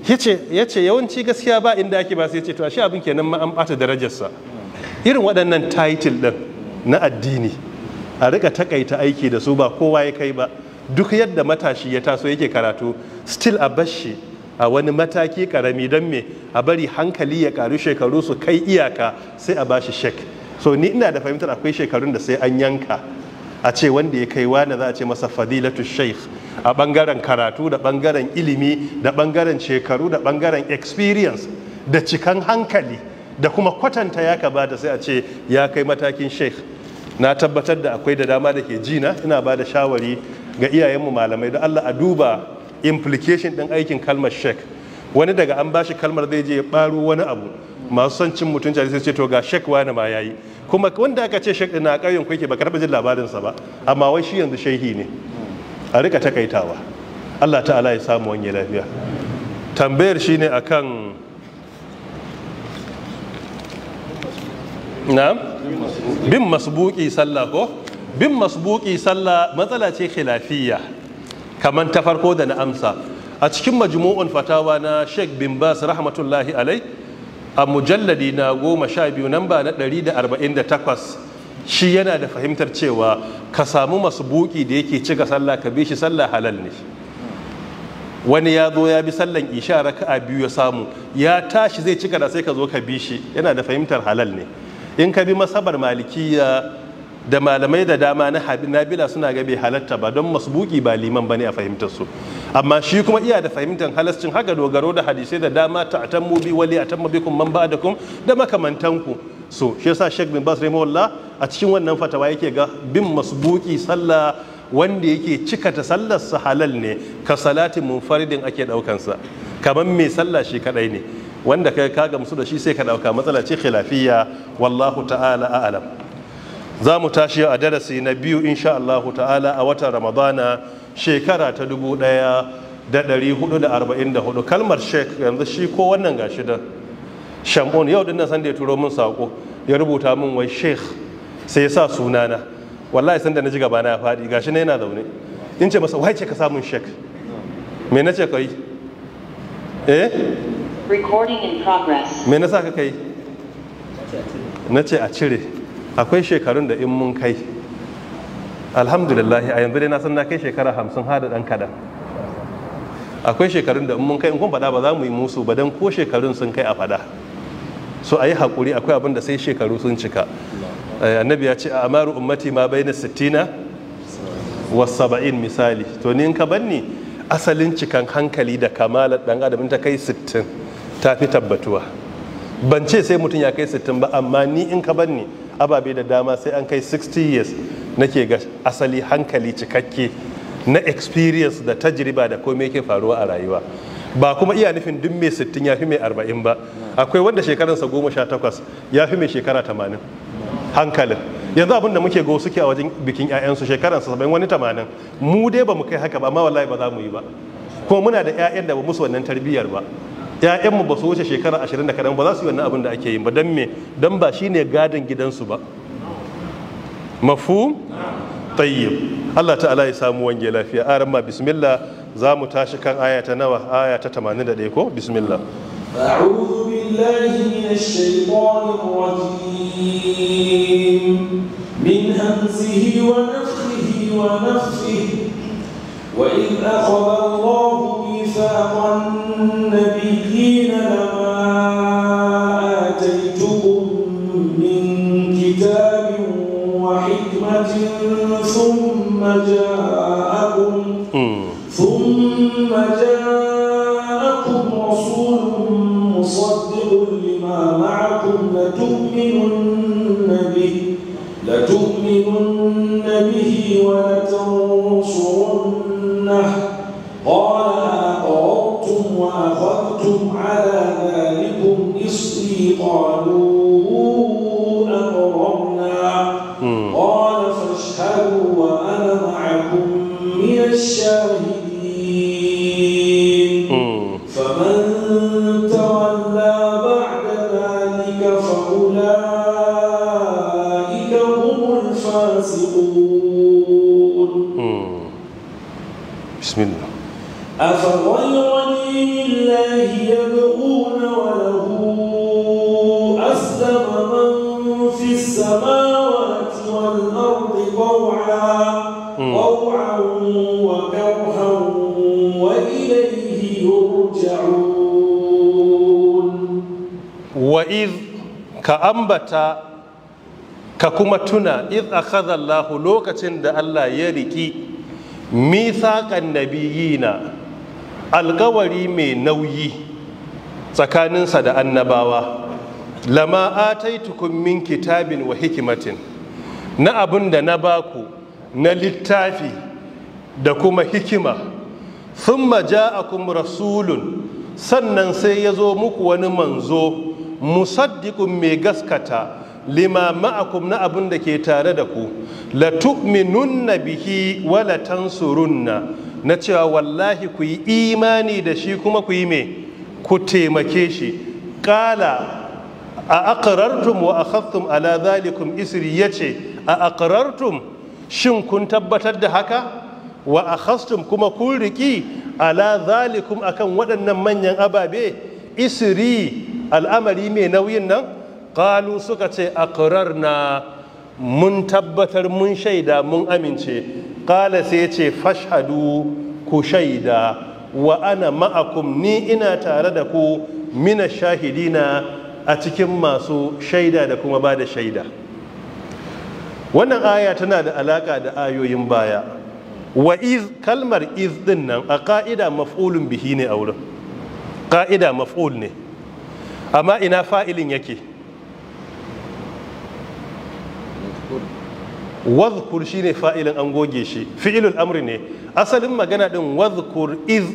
ya ce yawanci gaskiya ba inda ake ba sai ce to a shi abin kenan ma an bata darajarsa irin waɗannan title din na addini a rika takaita aiki da su ba kowa ya kai ba duk yadda matashi ya taso yake karatu still a bashi a wani mataki karami don me a bari hankali ya karu shekaru su kai iyaka sai a bashi shek so ni ina da fahimtar akwai shekarun da sai an yanka a ce wanda ya kai wani za a ce masa fadilatu sheikh a bangaren karatu da bangaren ilimi da bangaren shekaru da bangaren experience da cikan hankali da kuma kwatanta ya bada sai a ce ya kai matakin sheikh na tabbatar da akwai da dama da ke jina ina ba da shawari ga iyayenmu malamai da allah a duba implication ɗin aikin kalmar shek. wani daga an bashi kalmar zai je ya baro wani abu masu son cin mutunci sai ce to ga sheikh wani ma yayi kuma wanda aka ce shek na ƙauyen ku yake ba karɓi jin labarinsa ba amma wai shi yanzu shehi ne a rika takaitawa Allah ta'ala ya samu wani lafiya tambayar shi ne akan na bin masbuki sallah ko bin masbuki sallah matsala ce khilafiyya kamar ta farko da na amsa a cikin majmu'un fatawa na sheikh bin bas rahmatullahi alai a mujalladi na goma sha biyu nan ba na 148 shi yana da fahimtar cewa ka samu masu buki da yake cika sallah ka bi shi sallah halal ne wani ya zo ya bi sallan isha raka'a biyu ya samu ya tashi zai cika da sai ka zo ka bi shi yana da fahimtar halal ne in ka bi masabar malikiya da malamai da dama na nabila suna ga bai halatta ba don masbuki ba liman bane a fahimtar su amma shi kuma iya da fahimtar halascin haka dogaro da hadisai da dama ta atammu bi wali atamma bikum man ba'dakum da makamantanku so shi yasa Sheikh bin Bas rahimahullah a cikin wannan fatawa yake ga bin masbuki sallah wanda yake cika ta sallar sa halal ne ka salatin munfaridin ake daukan sa kamar mai sallah shi kadai ne wanda kai ka gamsu da shi sai ka dauka matsala ce khilafiyya wallahu ta'ala a'lam za mu tashi a darasi na biyu insha Allahu ta'ala a watan ramadana shekara ta dubu ɗaya da ɗari da arba'in da kalmar shek yanzu shi ko wannan gashi da Shambon yau dinnan sanda ya turo min sako ya rubuta min wai sheikh sai ya sa sunana wallahi sanda na ji gaba na faɗi gashi na yana zaune in ce masa wai ce ka samun shek me na ce kai eh recording in progress me na sa ka kai na ce a cire akwai shekarun da in mun kai alhamdulillah a yanzu dai na san na kai shekara hamsin hada dan kadan akwai shekarun da in mun kai in kun faɗa ba za mu yi musu ba dan ko shekarun sun kai a faɗa so a yi haƙuri akwai abin da sai shekaru sun cika eh, annabi ya ce a amaru ummati ma bai sittina wa saba'in misali to ni in ka banni asalin cikan hankali da kamalar dan adam ta kai sittin ta fi tabbatuwa ban ce sai mutum ya kai sittin ba amma ni in ka banni ababe da dama sai an kai 60 years nake ga asali hankali cikakke na experience da tajriba da komai ke faruwa a rayuwa ba kuma iya nufin duk mai 60 ya fi mai 40 ba akwai wanda sha 18 ya fi mai shekara 80 hankalin yanzu abin da muke go suke a wajen bikin 'ya'yansu sa 70 wani 80 mu dai ba mu kai haka ba amma wallahi ba za mu yi ba kuma muna da 'ya'yan da ba musu wannan tarbiyyar ba ƴaƴanmu ba su wuce shekara ashirin da kaɗan ba za su yi wannan abin da ake yi ba don me don ba shine gadon gidansu ba mafu tayyib Allah ta'ala ya samu wange lafiya aran ma bismillah za mu tashi kan aya ta nawa aya ta 81 ko bismillah أعوذ بالله من الشيطان الرجيم من همزه ونفخه ونفخه وإذ أخذ الله ميثاق النبيين لما آتيتكم من كتاب وحكمة ثم جاءكم hmm. ثم جاءكم رسول مصدق لما معكم لتؤمنن به لتؤمنن به ولتنصرن الجنة قال أقررتم وأخذتم على ذلكم إصري قالوا أقررنا قال فاشهدوا وأنا معكم من الشاهدين ka ambata ka kuma tuna iz akhadha Lahu lokacin da Allah ya riki mithaqan na. alkawari mai nauyi tsakaninsa da annabawa lama ataitukum min kitabin wa hikimatin na abin da na baku na littafi da kuma hikima thumma ja'akum rasulun sannan sai ya zo muku wani manzo musaddiqun mai gaskata lima ma'akum na abin da ke tare da ku la tu'minunna bihi wa la tansurunna na cewa wallahi ku yi imani da shi kuma ku yi me ku taimake shi Kala, a aqrartum wa akhadhtum ala dhalikum isri yace a aqrartum shin kun tabbatar da haka wa akhastum kuma kun riki ala zalikum akan waɗannan manyan ababe isri al'amari mai nauyin nan ƙalu suka ce a na mun tabbatar mun shaida mun amince ƙala sai ya ce fashadu ku shaida wa ana ma'akum ni ina tare da ku mina shahidina a cikin masu shaida da kuma ba da shaida wannan aya tana da alaƙa da ayoyin baya wa iz kalmar iz din nan a ƙa'ida maf'ulun bihi ne a wurin ƙa'ida maf'ul ne amma ina fa'ilin yake wadhkur shine fa'ilin an goge shi fi'ilul amri ne asalin magana din wadhkur iz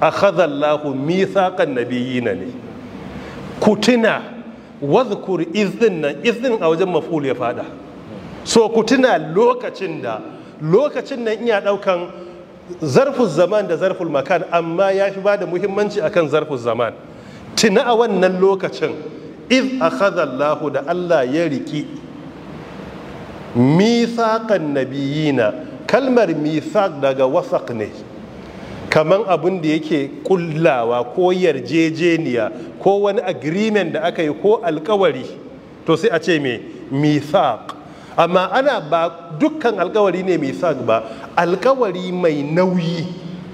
akhadha na mithaqan nabiyina ne kutina wadhkur iz din nan iz din a wajen maf'ul ya fada so kutina lokacin da lokacin nan iya ɗaukan zarful zaman da zarful makan amma ya fi ba da muhimmanci akan zarful zaman tuna a wannan lokacin iz a Allahu da Allah ya riki mithaqan nabiyina kalmar mithaq daga wasaq ne kaman abin da yake kullawa ko yarjejeniya ko wani agreement da aka yi ko alkawari to sai a ce me mithaq amma ana ba dukkan alkawari ne mithaq ba alkawari mai nauyi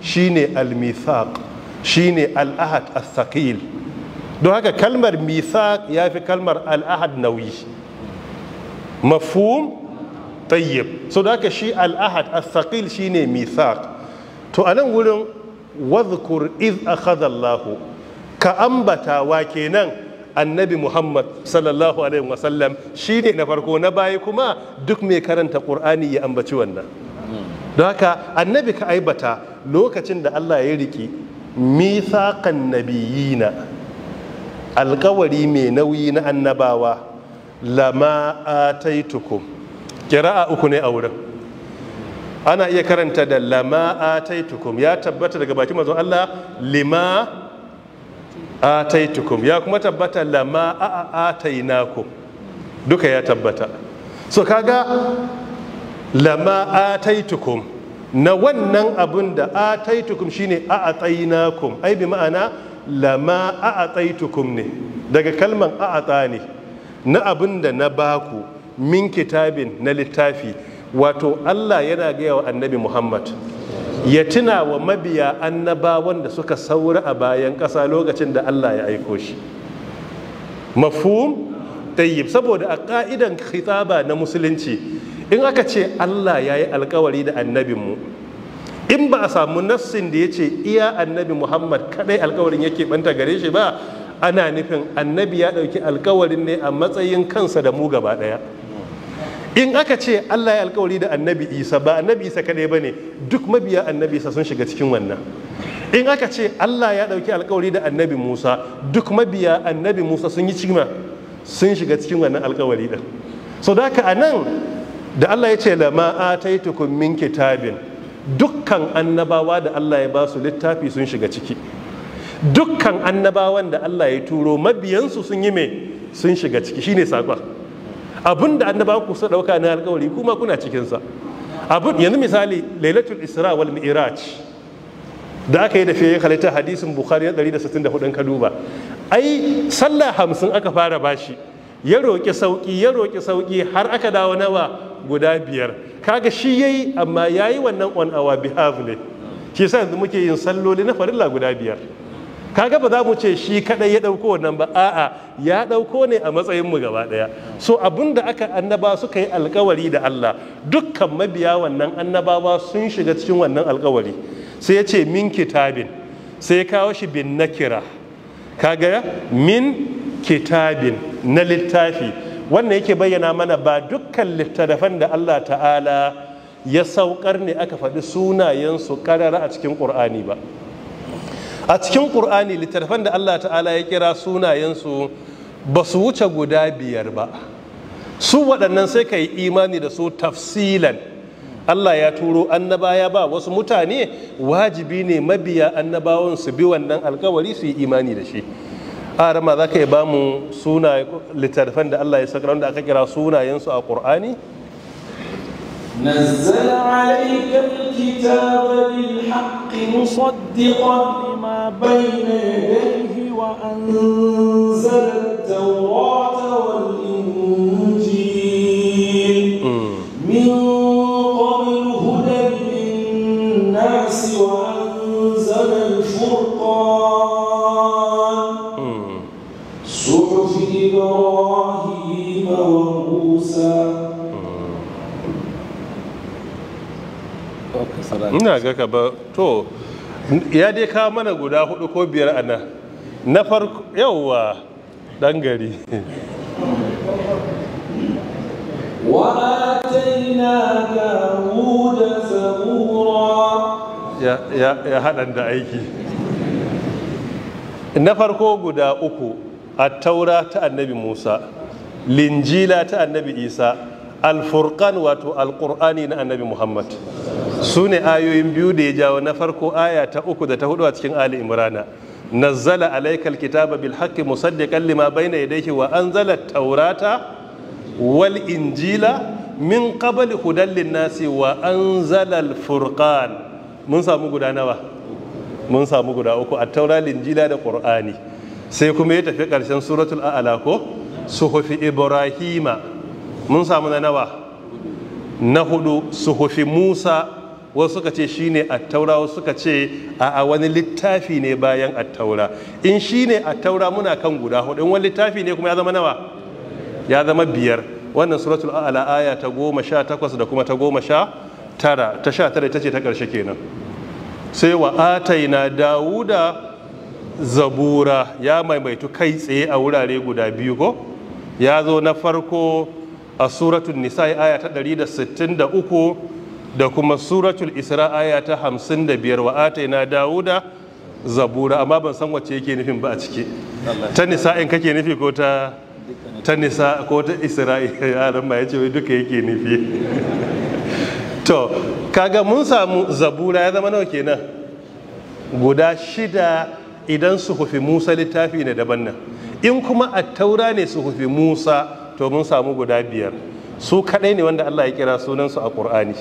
shine al-mithaq shine al-ahad as-thaqil al mithaq shine al ahad as saqil don haka kalmar Misa ya fi kalmar al'ahad nauyi mafhum tayyib so da haka shi al'ahad as-saqil shine Misa. to anan wurin wadhkur iz akhadha Allahu ka ambatawa kenan annabi Muhammad sallallahu alaihi wasallam shine na farko na baya kuma duk mai karanta Qur'ani ya ambaci wannan don haka annabi ka aibata lokacin da Allah ya riki mithaqan nabiyina alkawari mai nauyi na annabawa lama Kira kira'a uku ne a wurin ana iya karanta da lama taitukum ya tabbata daga bakin mazan Allah lima taitukum ya kuma tabbata lama atainakum duka ya tabbata so kaga lama taitukum na wannan abun da taitukum shine a atainakum ai bi ma'ana lama a'ataitukum ne daga kalman a'ata ne na abin da na baku min kitabin na littafi wato Allah yana gaya wa annabi Muhammad ya tuna wa mabiya annabawan da suka saura a bayan ƙasa lokacin da Allah ya aiko shi mafhum tayyib saboda a ka'idan khitaba na musulunci in aka ce Allah ya yi alkawari da annabinmu in ba a samu nassin da ya ce iya annabi muhammad kadai alkawarin yake banta gare shi ba ana nufin annabi ya ɗauki alkawarin ne a matsayin kansa da mu gaba ɗaya in aka ce allah ya alkawari da annabi isa ba annabi isa kadai ba ne duk mabiya annabi isa sun shiga cikin wannan in aka ce allah ya ɗauki alkawari da annabi musa duk mabiya annabi musa sun yi cima sun shiga cikin wannan alkawari da. so da haka a nan da allah ya ce lama taitukun min kitabin dukkan annabawa da Allah ya ba su littafi sun shiga ciki dukkan annabawan da Allah ya turo mabiyansu sun yi mai sun shiga ciki shine sakon abin da annabawan ku su dauka na alkawari kuma kuna cikinsa abin yanzu misali lailatul isra wal mi'raj da aka yi da fiye halitta hadisin bukhari 164 ka duba ai sallah hamsin aka fara bashi ya roƙi sauƙi ya roƙi sauƙi har aka dawo nawa guda biyar kaga shi ya yi amma ya yi wannan on our behalf ne shi sa yanzu muke yin salloli na farilla guda biyar kaga ba za mu ce shi kadai ya dauko wannan ba a'a ya dauko ne a matsayin mu gaba daya so abinda aka annaba suka yi alkawari da Allah dukkan mabiya wannan annabawa sun shiga cikin wannan alkawari sai ya ce min kitabin sai ya kawo shi bin nakira kaga min kitabin na littafi wannan yake bayyana mana ba dukkan littattafan da Allah ta'ala ya saukar ne aka faɗi sunayensu ƙarara a cikin ƙur'ani ba a cikin ƙur'ani littattafan da Allah ta'ala ya kira sunayensu ba su wuce guda biyar ba su waɗannan sai ka yi imani da su tafsilan Allah ya turo annaba ya ba wasu mutane wajibi ne mabiya annabawan su bi wannan alkawari su yi imani da shi arama za ka yi ba mu suna littattafan da Allah ya saka wanda aka kira sunayensu a ƙur'ani نزل عليك الكتاب بالحق مصدقا لما بين يديه وأنزل التوراة والإنجيل إبراهيم وموسى ina ga ka ba to ya dai kawo mana guda hudu ko biyar a nan na farko yauwa dan gari ya هودا زبورا يا na farko guda uku taura ta annabi musa linjila ta annabi isa alfurqan wato alqur'ani na annabi muhammad su ne ayoyin biyu da ya jawo na farko aya ta uku da ta hudu a cikin ali imrana nazzala alaikal kitaba bil haqqi musaddiqan lima bayna yadayhi wa anzala taurata wal injila min ƙabali hudan nasi wa an al furqan mun samu guda nawa mun samu guda uku a taura linjila da ƙur'ani. sai kuma ya tafi ƙarshen suratul a'ala ko suhufi ibrahima mun samu na nawa na hudu suhufi musa wasu suka ce shine attaura wasu suka ce a wani littafi ne bayan attaura in shine attaura muna kan guda hudu in wani littafi ne kuma ya zama nawa ya zama biyar wannan suratul a'ala aya ta goma sha takwas da kuma ta goma sha tara ta sha tara ita ce ta ƙarshe kenan sai wa na dawuda zabura ya maimaitu kai tsaye a wurare guda biyu ko ya zo na farko a suratul nisa aya ta 163 da kuma suratul isra aya ta 55 wa ataina dawuda zabura amma ban san wacce yake nufin ba a ciki ta nisa in kake nufi ko ta ta nisa ko ta isra'ila [LAUGHS] ma ya ce duka yake nufi [LAUGHS] to kaga mun samu zabura ya zama nawa kenan guda shida idan suhufi musa littafi ne daban nan in kuma attaura ne suhufi musa to mun samu guda biyar su kaɗai ne wanda allah ya kira sunansu a ƙur'ani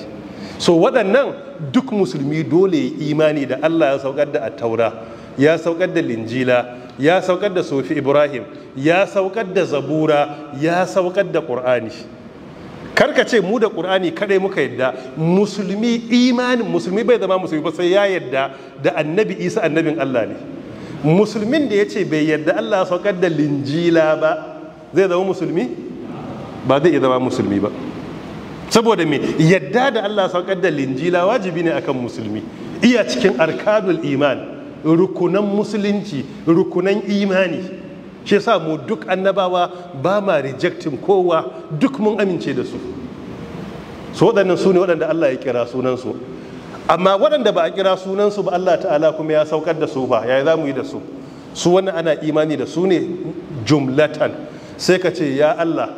so waɗannan duk musulmi dole ya imani da allah ya saukar da attaura ya saukar da linjila ya saukar da sufi ibrahim ya saukar da zabura ya saukar da ƙur'ani karka ce mu da ƙur'ani kaɗai muka yadda musulmi imanin musulmi bai zama musulmi ba sai ya yadda da annabi isa annabin allah ne musulmin da ya ce bai yadda Allah ya saukar da linjila ba zai zama musulmi ba zai iya zama musulmi ba saboda me yadda da Allah saukar da linjila wajibi ne akan musulmi iya cikin arkanul iman rukunan musulunci rukunan imani shi sa mu duk annabawa ba ma rejectin kowa duk mun amince da su su waɗannan su ne waɗanda Allah ya kira sunansu amma waɗanda ba a kira sunansu ba Allah ta'ala kuma ya saukar da su ba yayi za mu yi da su su wannan ana imani da su ne jumlatan sai ka ce ya Allah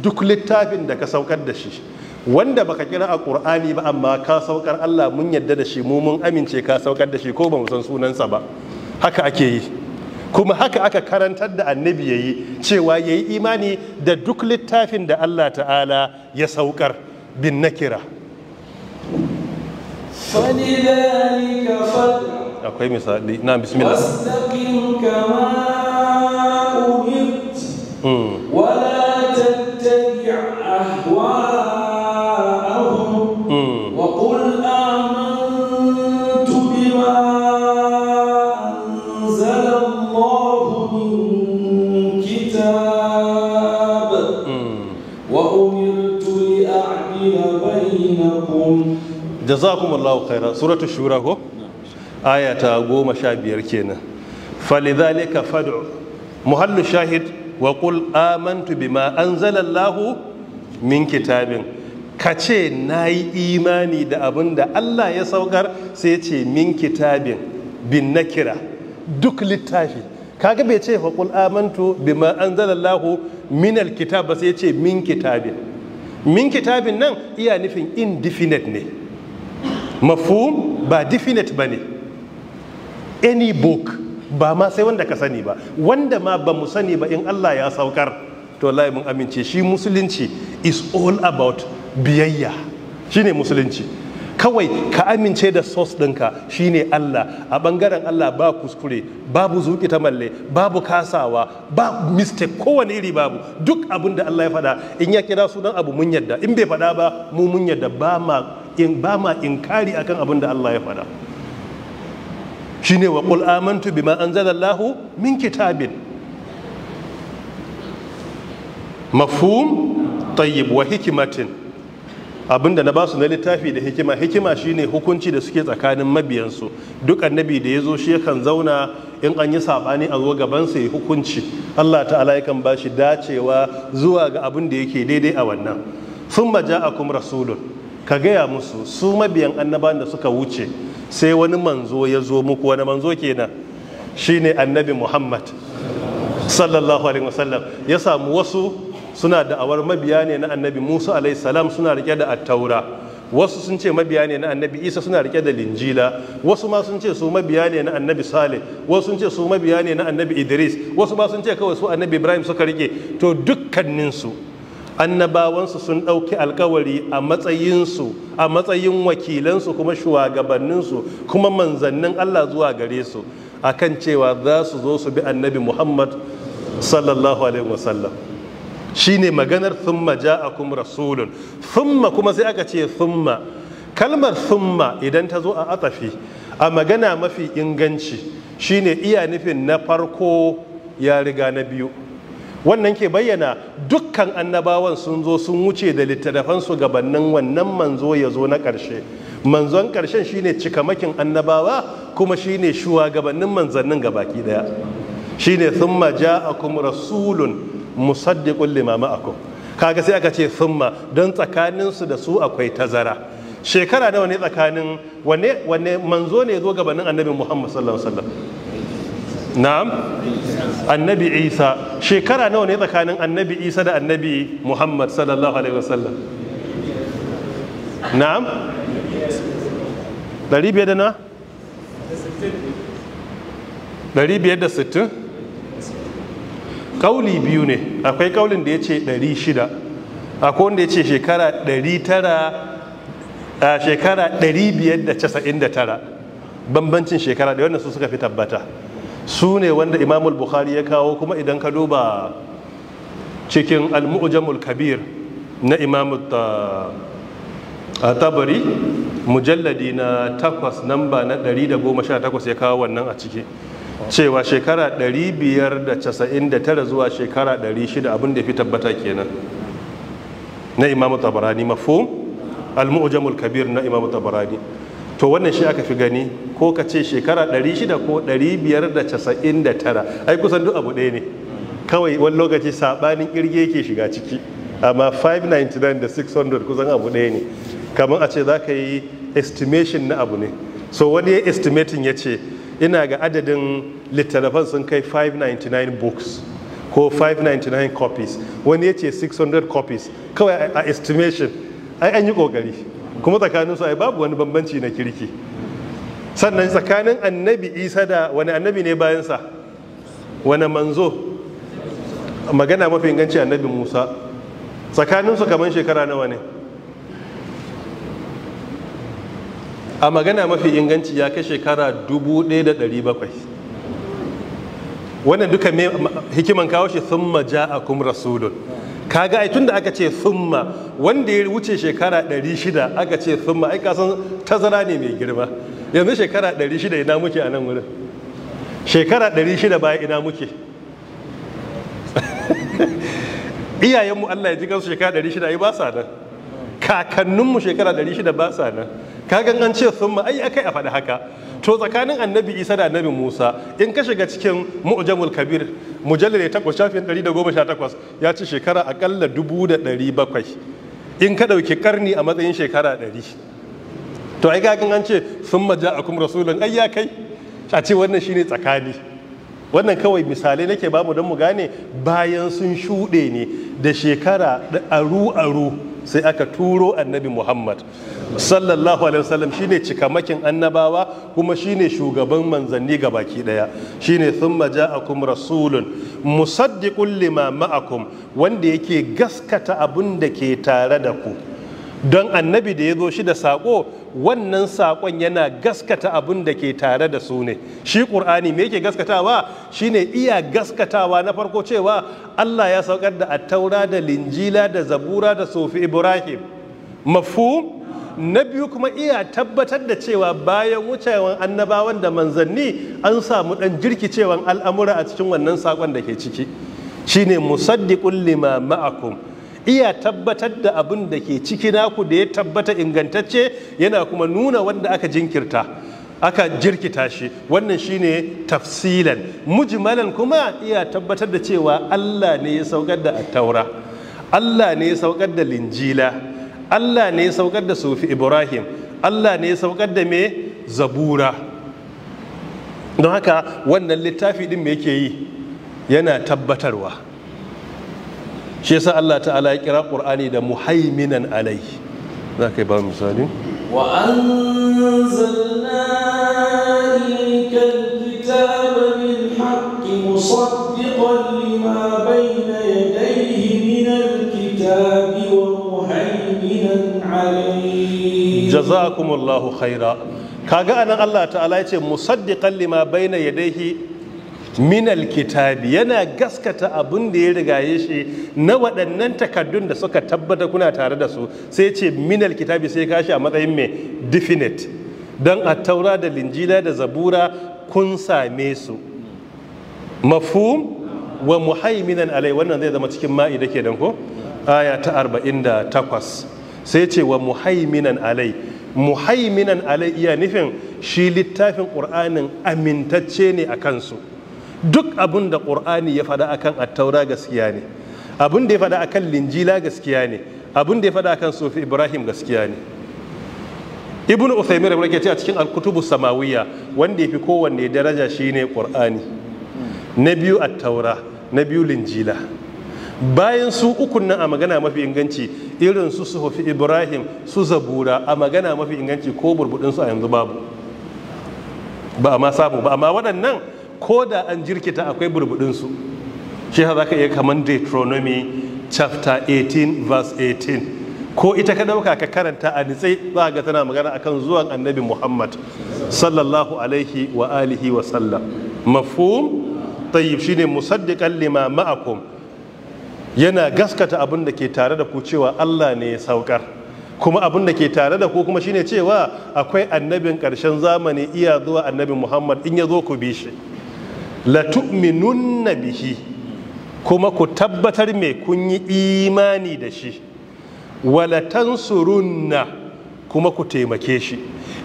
duk littafin da ka saukar da shi wanda baka kira a ƙur'ani ba amma ka saukar Allah mun yadda da shi mu mun amince ka saukar da shi ko ba mu san sunansa ba haka ake yi kuma haka aka karantar da annabi ya yi cewa ya yi imani da duk littafin da Allah ta'ala ya saukar bin nakira akwai misali na bismillah wastaqim kama umirt wala tattabi' ahwa'a jazakumullahu khairan suratul shura ko aya ta goma sha biyar kenan falidhalika fad'u muhallu shahid wa qul amantu bima Allahu min kitabin ka ce na imani da abin da Allah ya saukar sai ce min kitabin bin nakira duk littafi kaga bai ce qul amantu bima Allahu min alkitab ba sai ce min kitabin min kitabin nan iya nufin indefinite ne mafhum ba definite ba ne any book ba ma sai wanda ka sani ba wanda ma ba mu sani ba in Allah ya saukar to wallahi mun amince shi musulunci is all about biyayya shine musulunci kawai ka amince da sos ɗinka shine Allah a bangaren Allah ba kuskure babu zuƙi ta malle babu kasawa ba mistake kowane iri babu duk abin da Allah ya faɗa in ya kira su sunan abu mun yadda in bai faɗa ba mu mun yadda ba ma in ba ma in inkari akan abin da Allah ya faɗa ne wa qul amantu bima anzalallahu min kitabin mafhum tayyib wa hikimatin Abin da na basu na littafi da hikima hikima shi ne hukunci da suke tsakanin mabiyansu duk annabi da ya zo shi yakan zauna in an yi sabani a zo gabansa ya hukunci Allah ta'ala yakan ba shi dacewa zuwa ga abin da yake daidai a wannan sun maja kuma rasulun ka gaya musu su mabiyan annaban da suka wuce sai wani manzo ya zo muku wani manzo kenan shine annabi muhammad sallallahu alaihi wasallam ya samu wasu suna da awar mabiya ne na annabi musa alaihi salam suna rike da attaura wasu sun ce mabiya ne na annabi isa suna rike da linjila wasu ma sun ce su mabiya ne na annabi salih wasu sun ce su mabiya ne na annabi idris wasu ma sun ce kawai su annabi ibrahim suka rike to dukkaninsu annabawansu sun ɗauki alkawari a matsayinsu a matsayin wakilansu kuma shugabanninsu kuma manzannin Allah zuwa gare su a kan cewa za su zo su bi annabi Muhammad sallallahu alaihi wasallam ne maganar thumma ja'akum rasulun thumma kuma sai aka ce thumma kalmar thumma idan ta zo a atafi a magana mafi inganci shine iya nufin na farko ya riga na biyu wannan ke bayyana dukkan annabawan sun zo sun wuce da littattafansu gabanin wannan manzo ya zo na ƙarshe manzon ƙarshen shine cikamakin annabawa kuma shine shugabannin manzannin gabaki daya shine thumma ja'akum rasulun musaddiqun lima ma'akum kaga sai aka ce thumma don tsakaninsu da su akwai tazara shekara nawa ne tsakanin wanne manzo ne zo gabanin annabi Muhammad sallallahu alaihi wasallam na'am annabi isa shekara nawa ne tsakanin annabi isa da annabi muhammad sallallahu alaihi wasallam na'am biyar da na 560 kauli biyu ne akwai kaulin da ya ce 600 akwai wanda ya ce shekara 900 a shekara 599 bambancin shekara da wannan su suka fi tabbata su ne wanda imamul bukhari ya kawo kuma idan ka duba cikin al-mu'jamul kabir na imamul uh, tabari mujalladi na takwas namba na 118 ya kawo wannan a ciki cewa shekara 599 zuwa shekara 600 abin da fi tabbata kenan na imamul tabarani mafhum al-mu'jamul kabir na imamul tabarani to wannan shi aka fi gani ko ka ce shekara 600 ko 599 ai kusan duk abu ɗaya ne kawai wani lokaci sabanin kirge ke shiga ciki amma 599 da 600 kusan abu ɗaya ne kamar a ce za ka yi estimation na abu ne so wani ya estimating ya ce ina ga adadin littattafan sun kai 599 books ko 599 copies wani ya ce 600 copies kawai a estimation ai an yi ƙoƙari kuma tsakaninsu ai babu wani bambanci na kirki sannan tsakanin annabi isa da wani annabi ne bayansa wani manzo magana mafi inganci annabi musa tsakaninsu kamar shekara nawa ne a magana mafi inganci ya kai shekara 1700 wannan duka hikiman kawo shi sun maja a kuma rasulun kaga ai tunda aka ce summa wanda ya wuce shekara 600 aka ce summa ai kasan tazara ne mai girma yanzu shekara 600 ina muke a nan wurin shekara 600 baya ina muke [LAUGHS] iyayenmu Allah ya ji kansu shekara 600 ai ba sa nan kakanninmu shekara 600 ba sa nan kagan an ce summa ai akai a faɗi haka to tsakanin annabi isa da annabi musa in ka shiga cikin mu'jamul kabir mujallar ya takwas shafin 118 ya ci shekara akalla bakwai. in ka ɗauki karni a matsayin shekara 100 to ai kan an ce sun maja a kuma rasulun ai ya kai a ce wannan shine tsakani wannan kawai misalai nake babu don mu gane bayan sun shuɗe ne da shekara aru-aru sai aka turo annabi muhammad sallallahu alaihi wasallam shine cikamakin annabawa kuma shine shugaban manzanni ga baki daya shine thumma ja'akum rasulun musaddiqun lima ma'akum wanda yake gaskata abin da ke tare da ku don annabi da ya zo shi da saƙo wannan saƙon yana gaskata abin da ke tare da su ne shi ƙur'ani me yake gaskatawa shine iya gaskatawa na farko cewa allah ya saukar da attaura da linjila da zabura da sofi ibrahim mafu na biyu kuma iya tabbatar da cewa bayan wucewan annabawan da manzanni an samu ɗan jirkicewan al'amura a cikin wannan saƙon da ke ciki shine musaddiqul lima ma'akum iya tabbatar da abin da ke ciki naku da ya tabbata ingantacce yana kuma nuna wanda aka jinkirta aka jirkita shi wannan shine tafsilan mujmalan kuma iya tabbatar da cewa Allah ne ya saukar da attaura Allah ne ya saukar da linjila Allah ne ya saukar da sufi Ibrahim Allah ne ya saukar da me zabura don haka wannan littafi din me yake yi yana tabbatarwa shi yasa Allah ta'ala ya kira Qur'ani da muhaiminan alai za ka yi ba misali wa anzalna ilayka alkitaba bil haqqi musaddiqan lima bayna yadayhi min alkitabi wa muhaiminan alayhi jazakumullahu khaira kaga anan Allah ta'ala ya ce musaddiqan lima bayna yadayhi minal kitabi yana gaskata abin da ya rigaye shi na waɗannan takaddun da suka tabbata kuna tare da su sai ce minal kitabi sai kashi a matsayin mai definite don a taura da linjila da zabura kun same su mafhum wa muhaiminan alai wannan zai zama cikin ma'ida kenan ko aya ta arba'in da takwas. sai ce wa muhaiminan alai muhaiminan alai iya nufin shi littafin ƙur'anin amintacce ne a kansu duk abin da ƙur'ani ya faɗa akan attaura gaskiya ne abin da ya faɗa akan linjila gaskiya ne abin da ya faɗa akan sufi ibrahim gaskiya ne ibnu uthaymin rahimahullah ce a cikin alkutubu samawiyya wanda ya fi kowanne daraja shine ƙur'ani na biyu attaura na biyu linjila bayan su ukun nan a magana mafi inganci irin su suhufi ibrahim su zabura a magana mafi inganci ko burbudin a yanzu babu ba a ma samu ba amma waɗannan ko da an jirkita akwai burbudinsu shi ha za ka iya kamar deuteronomy chapter 18 verse 18 ko ita ka ɗauka ka karanta a nitsai za ga tana magana akan zuwan annabi muhammad sallallahu alaihi wa alihi wa sallam mafhum tayyib shine musaddiqan lima ma'akum yana gaskata abin da ke tare da ku cewa Allah ne ya saukar kuma abin da ke tare da ku kuma shine cewa akwai annabin ƙarshen zamani iya zuwa annabi muhammad in ya zo ku bi shi latu'minunna bihi kuma ku tabbatar me kun yi imani da shi wala tansurunna kuma ku taimake shi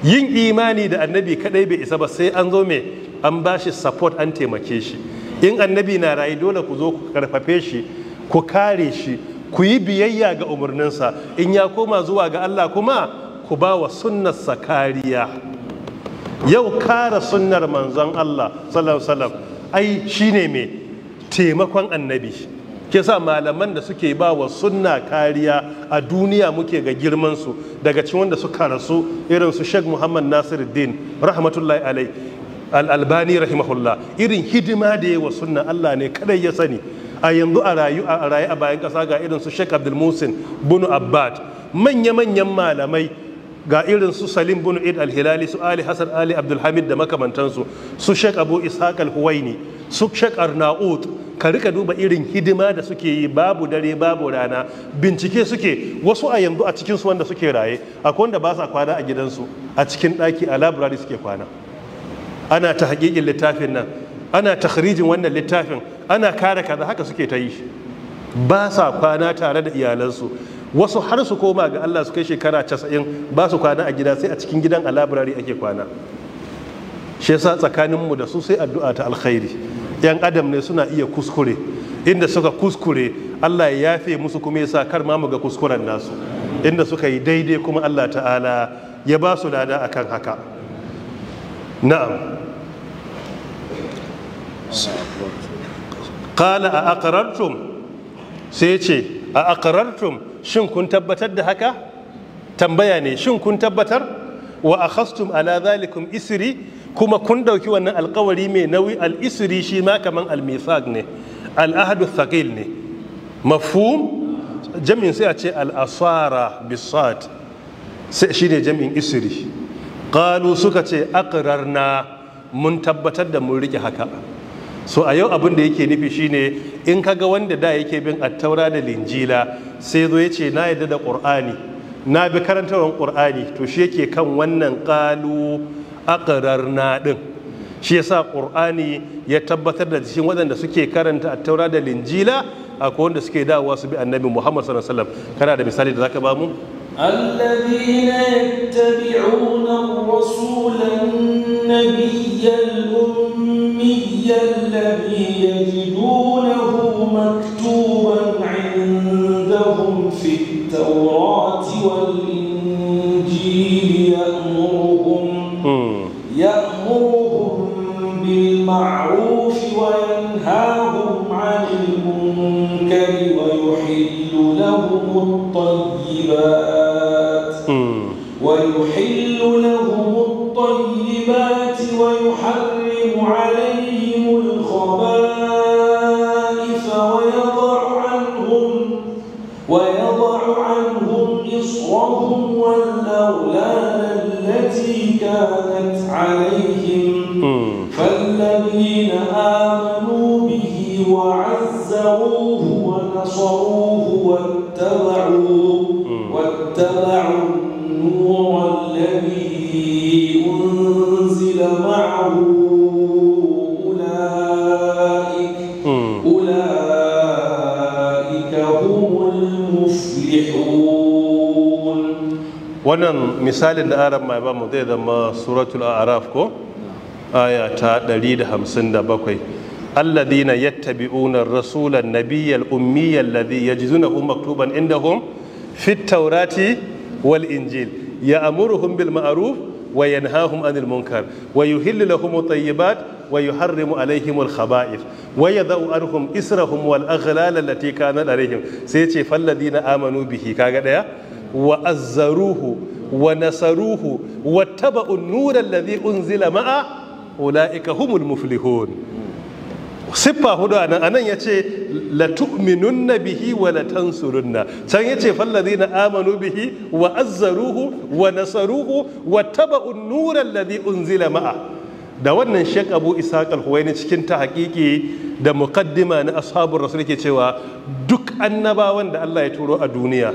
yin imani da annabi kadai bai isa ba sai an zo me an ba shi support an taimake shi in annabi na rayu dole ku zo ku karfafe shi ku kare shi ku yi biyayya ga umarninsa in ya koma zuwa ga Allah kuma ku ba wa sunnarsa kariya yau kara sunnar manzon Allah sallallahu alaihi wasallam ai shine mai taimakon annabi ke sa malaman da suke ba wa sunna kariya a duniya muke ga girmansu daga cikin wanda suka rasu irin su sheikh muhammad din. rahmatullahi alai al-albani rahimahullah irin hidima da yawa sunna allah ne kadai ya sani a yanzu a rayu a bayan kasa ga irin su sheikh abdul musin bunu abbad manya-manyan malamai ga irin su salim bin id al-hilali su ali hasan ali abdulhamid da makamantansu su shek abu ishaq al-huwaini su shek Arnaud, ka rika duba irin hidima da suke yi babu dare babu rana bincike suke wasu a yanzu a cikinsu wanda suke raye akwai wanda ba sa kwana a gidansu a cikin ɗaki a labirari suke kwana ana ta hakikin littafin nan ana takhrijin wannan littafin ana kare kaza haka suke ta yi ba sa kwana tare da iyalansu wasu har su koma ga Allah su kai shekara casa'in ba su kwana a gida sai a cikin gidan a labirari ake kwana shi yasa tsakaninmu da su sai addu'a ta alkhairi yan adam ne suna iya kuskure inda suka kuskure Allah ya yafe musu kuma ya sa kar ma mu ga kuskuren nasu inda suka yi daidai kuma Allah ta'ala ya ba su lada akan haka na'am qala a aqrartum sai ce a aqrartum shin kun tabbatar da haka tambaya ne shin kun tabbatar wa akhastum ala zalikum isri kuma kun dauki wannan alkawari mai nauyi al isri shi ma kaman al mithaq ne al ahdu thaqil ne mafhum jami'in sai a ce al asara bisat sai shine jami'in isri qalu suka ce aqrarna mun tabbatar da mun rike haka so a yau abin da yake nufi shine in kaga wanda da yake bin attaura da linjila sai zo ya ce na yadda da ƙur'ani na bi karantarwar ƙur'ani to shi yake kan wannan ƙalu akarar na ɗin shi yasa ƙur'ani ya tabbatar da cikin waɗanda suke karanta attaura da linjila akwai wanda suke dawowa su bi annabi muhammad sallallahu alaihi wasallam kana da misali da zaka ba mu الذين يتبعون الرسول النبي الأمي الذي يجدونه مكتوبا عندهم في التوراة والإنجيل يأمرهم hmm. يأمرهم بالمعروف وينهاهم عن المنكر ويحل لهم الطيبات ويحل لهم الطيبات ويحرم عليهم الخبائث ويضع عنهم ويضع عنهم إصرهم والأولاد التي كانت عليهم فالذين آمنوا به وعزروه ونصروه واتبعوا واتبعوا أنزل معه أولئك أولئك هم المفلحون ونن مثال الأعراب ما يبقى مدهد ما سورة الأعراف كو نعم. آية تدليل همسن دبقوي الذين يتبعون الرسول النبي الأمي الذي يجزونه مكتوبا عندهم في التوراة والإنجيل Ya ya'muruhum bil ma'ruf wa yanhahum 'anil munkar wa yuhillu lahum at-tayyibat wa yuharrimu 'alayhim al-khaba'ith wa ya yadh'u anhum israhum wal aghlal allati kanat 'alayhim sai ce falladina amanu bihi kaga ɗaya. wa azzaruhu wa nasaruhu wa tabu'un nura alladhi unzila ma'a ulaika humul muflihun siffa hudu a nan ya ce latu'minunna bihi wa latansurunna can ya ce na amanu bihi wa azzaruhu wa nasaruhu wa taba'un nuran ladhi unzila ma'a da wannan shek abu isa al cikin ta hakiki da muqaddima na ashabun rasul ke cewa duk annabawan da Allah ya turo a duniya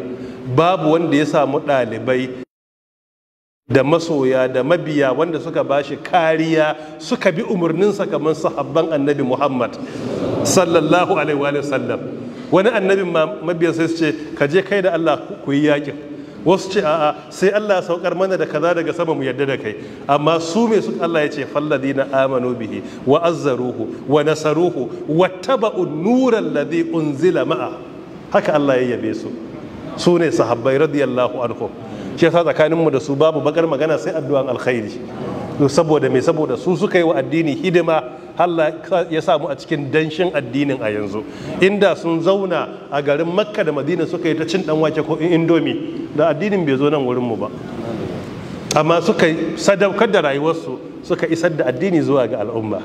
babu wanda ya samu ɗalibai da masoya da mabiya wanda suka bashi kariya suka bi umarninsa kamar sahabban annabi muhammad sallallahu alaihi sallam wani annabin ma mabiya sai su ce ka je kai da allah ku yi yakin wasu ce a'a sai allah saukar mana da kaza daga sama mu yarda da kai amma su me allah ya ce falladina amanu bihi wa azzaruhu wa nasaruhu wa taba'u nuran ladhi unzila ma'a haka allah ya yabe su su ne sahabbai radiyallahu anhum shi yasa tsakaninmu da su babu bakar magana sai addu'an alkhairi saboda mai saboda su suka yi wa addini hidima Allah ya samu a cikin danshin addinin a yanzu inda sun zauna a garin makka da madina suka yi ta cin dan wake ko indomi da addinin bai zo nan wurinmu ba amma suka sadaukar da rayuwarsu suka isar da addini zuwa ga al'umma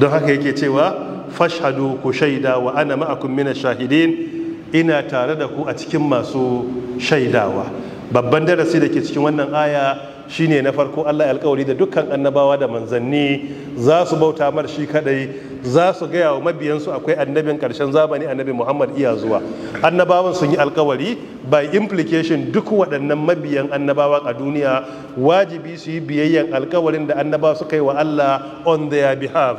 don haka yake cewa fashhadu ku shaida wa ana ma'akum mina shahidin ina tare da ku a cikin masu shaidawa babban darasi da ke cikin wannan aya shine na farko Allah alkawari da dukkan annabawa da manzanni za su bauta mar shi kadai za su gaya wa mabiyansu akwai annabin karshen zamani annabi Muhammad iya zuwa annabawan sun yi alkawari by implication duk waɗannan mabiyan annabawa a duniya wajibi su yi biyayyan alkawarin da annabawa suka yi wa Allah on their behalf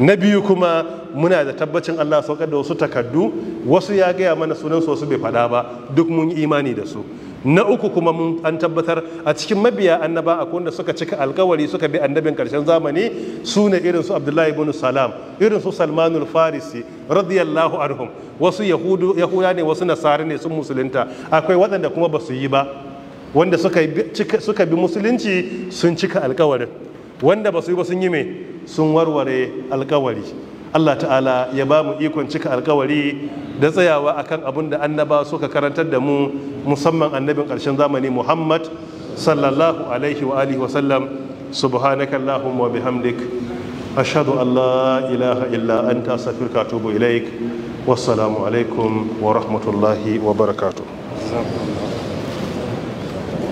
na biyu kuma muna da tabbacin Allah saukar da wasu takardu, wasu ya gaya mana sunan su wasu bai faɗa ba duk mun yi imani da su na uku kuma mun an tabbatar a cikin mabiya annaba a wanda suka cika alkawari suka bi annabin karshen zamani su ne irin su abdullahi ibn salam irin su salmanul farisi radiyallahu anhum wasu yahudu yahuda ne wasu nasara ne sun musulunta akwai waɗanda kuma ba su yi ba wanda suka bi musulunci sun cika alkawarin wanda ba su yi ba sun yi me sun warware alkawari Allah ta'ala ya ba mu ikon cika alkawari da tsayawa akan abin da annaba suka karantar da mu musamman annabin ƙarshen zamani Muhammad sallallahu alaihi wa alihi wa sallam subhanaka allahumma wa bihamdik ashhadu an la ilaha illa anta astaghfiruka wa atubu ilaik wassalamu alaikum wa rahmatullahi wa barakatuh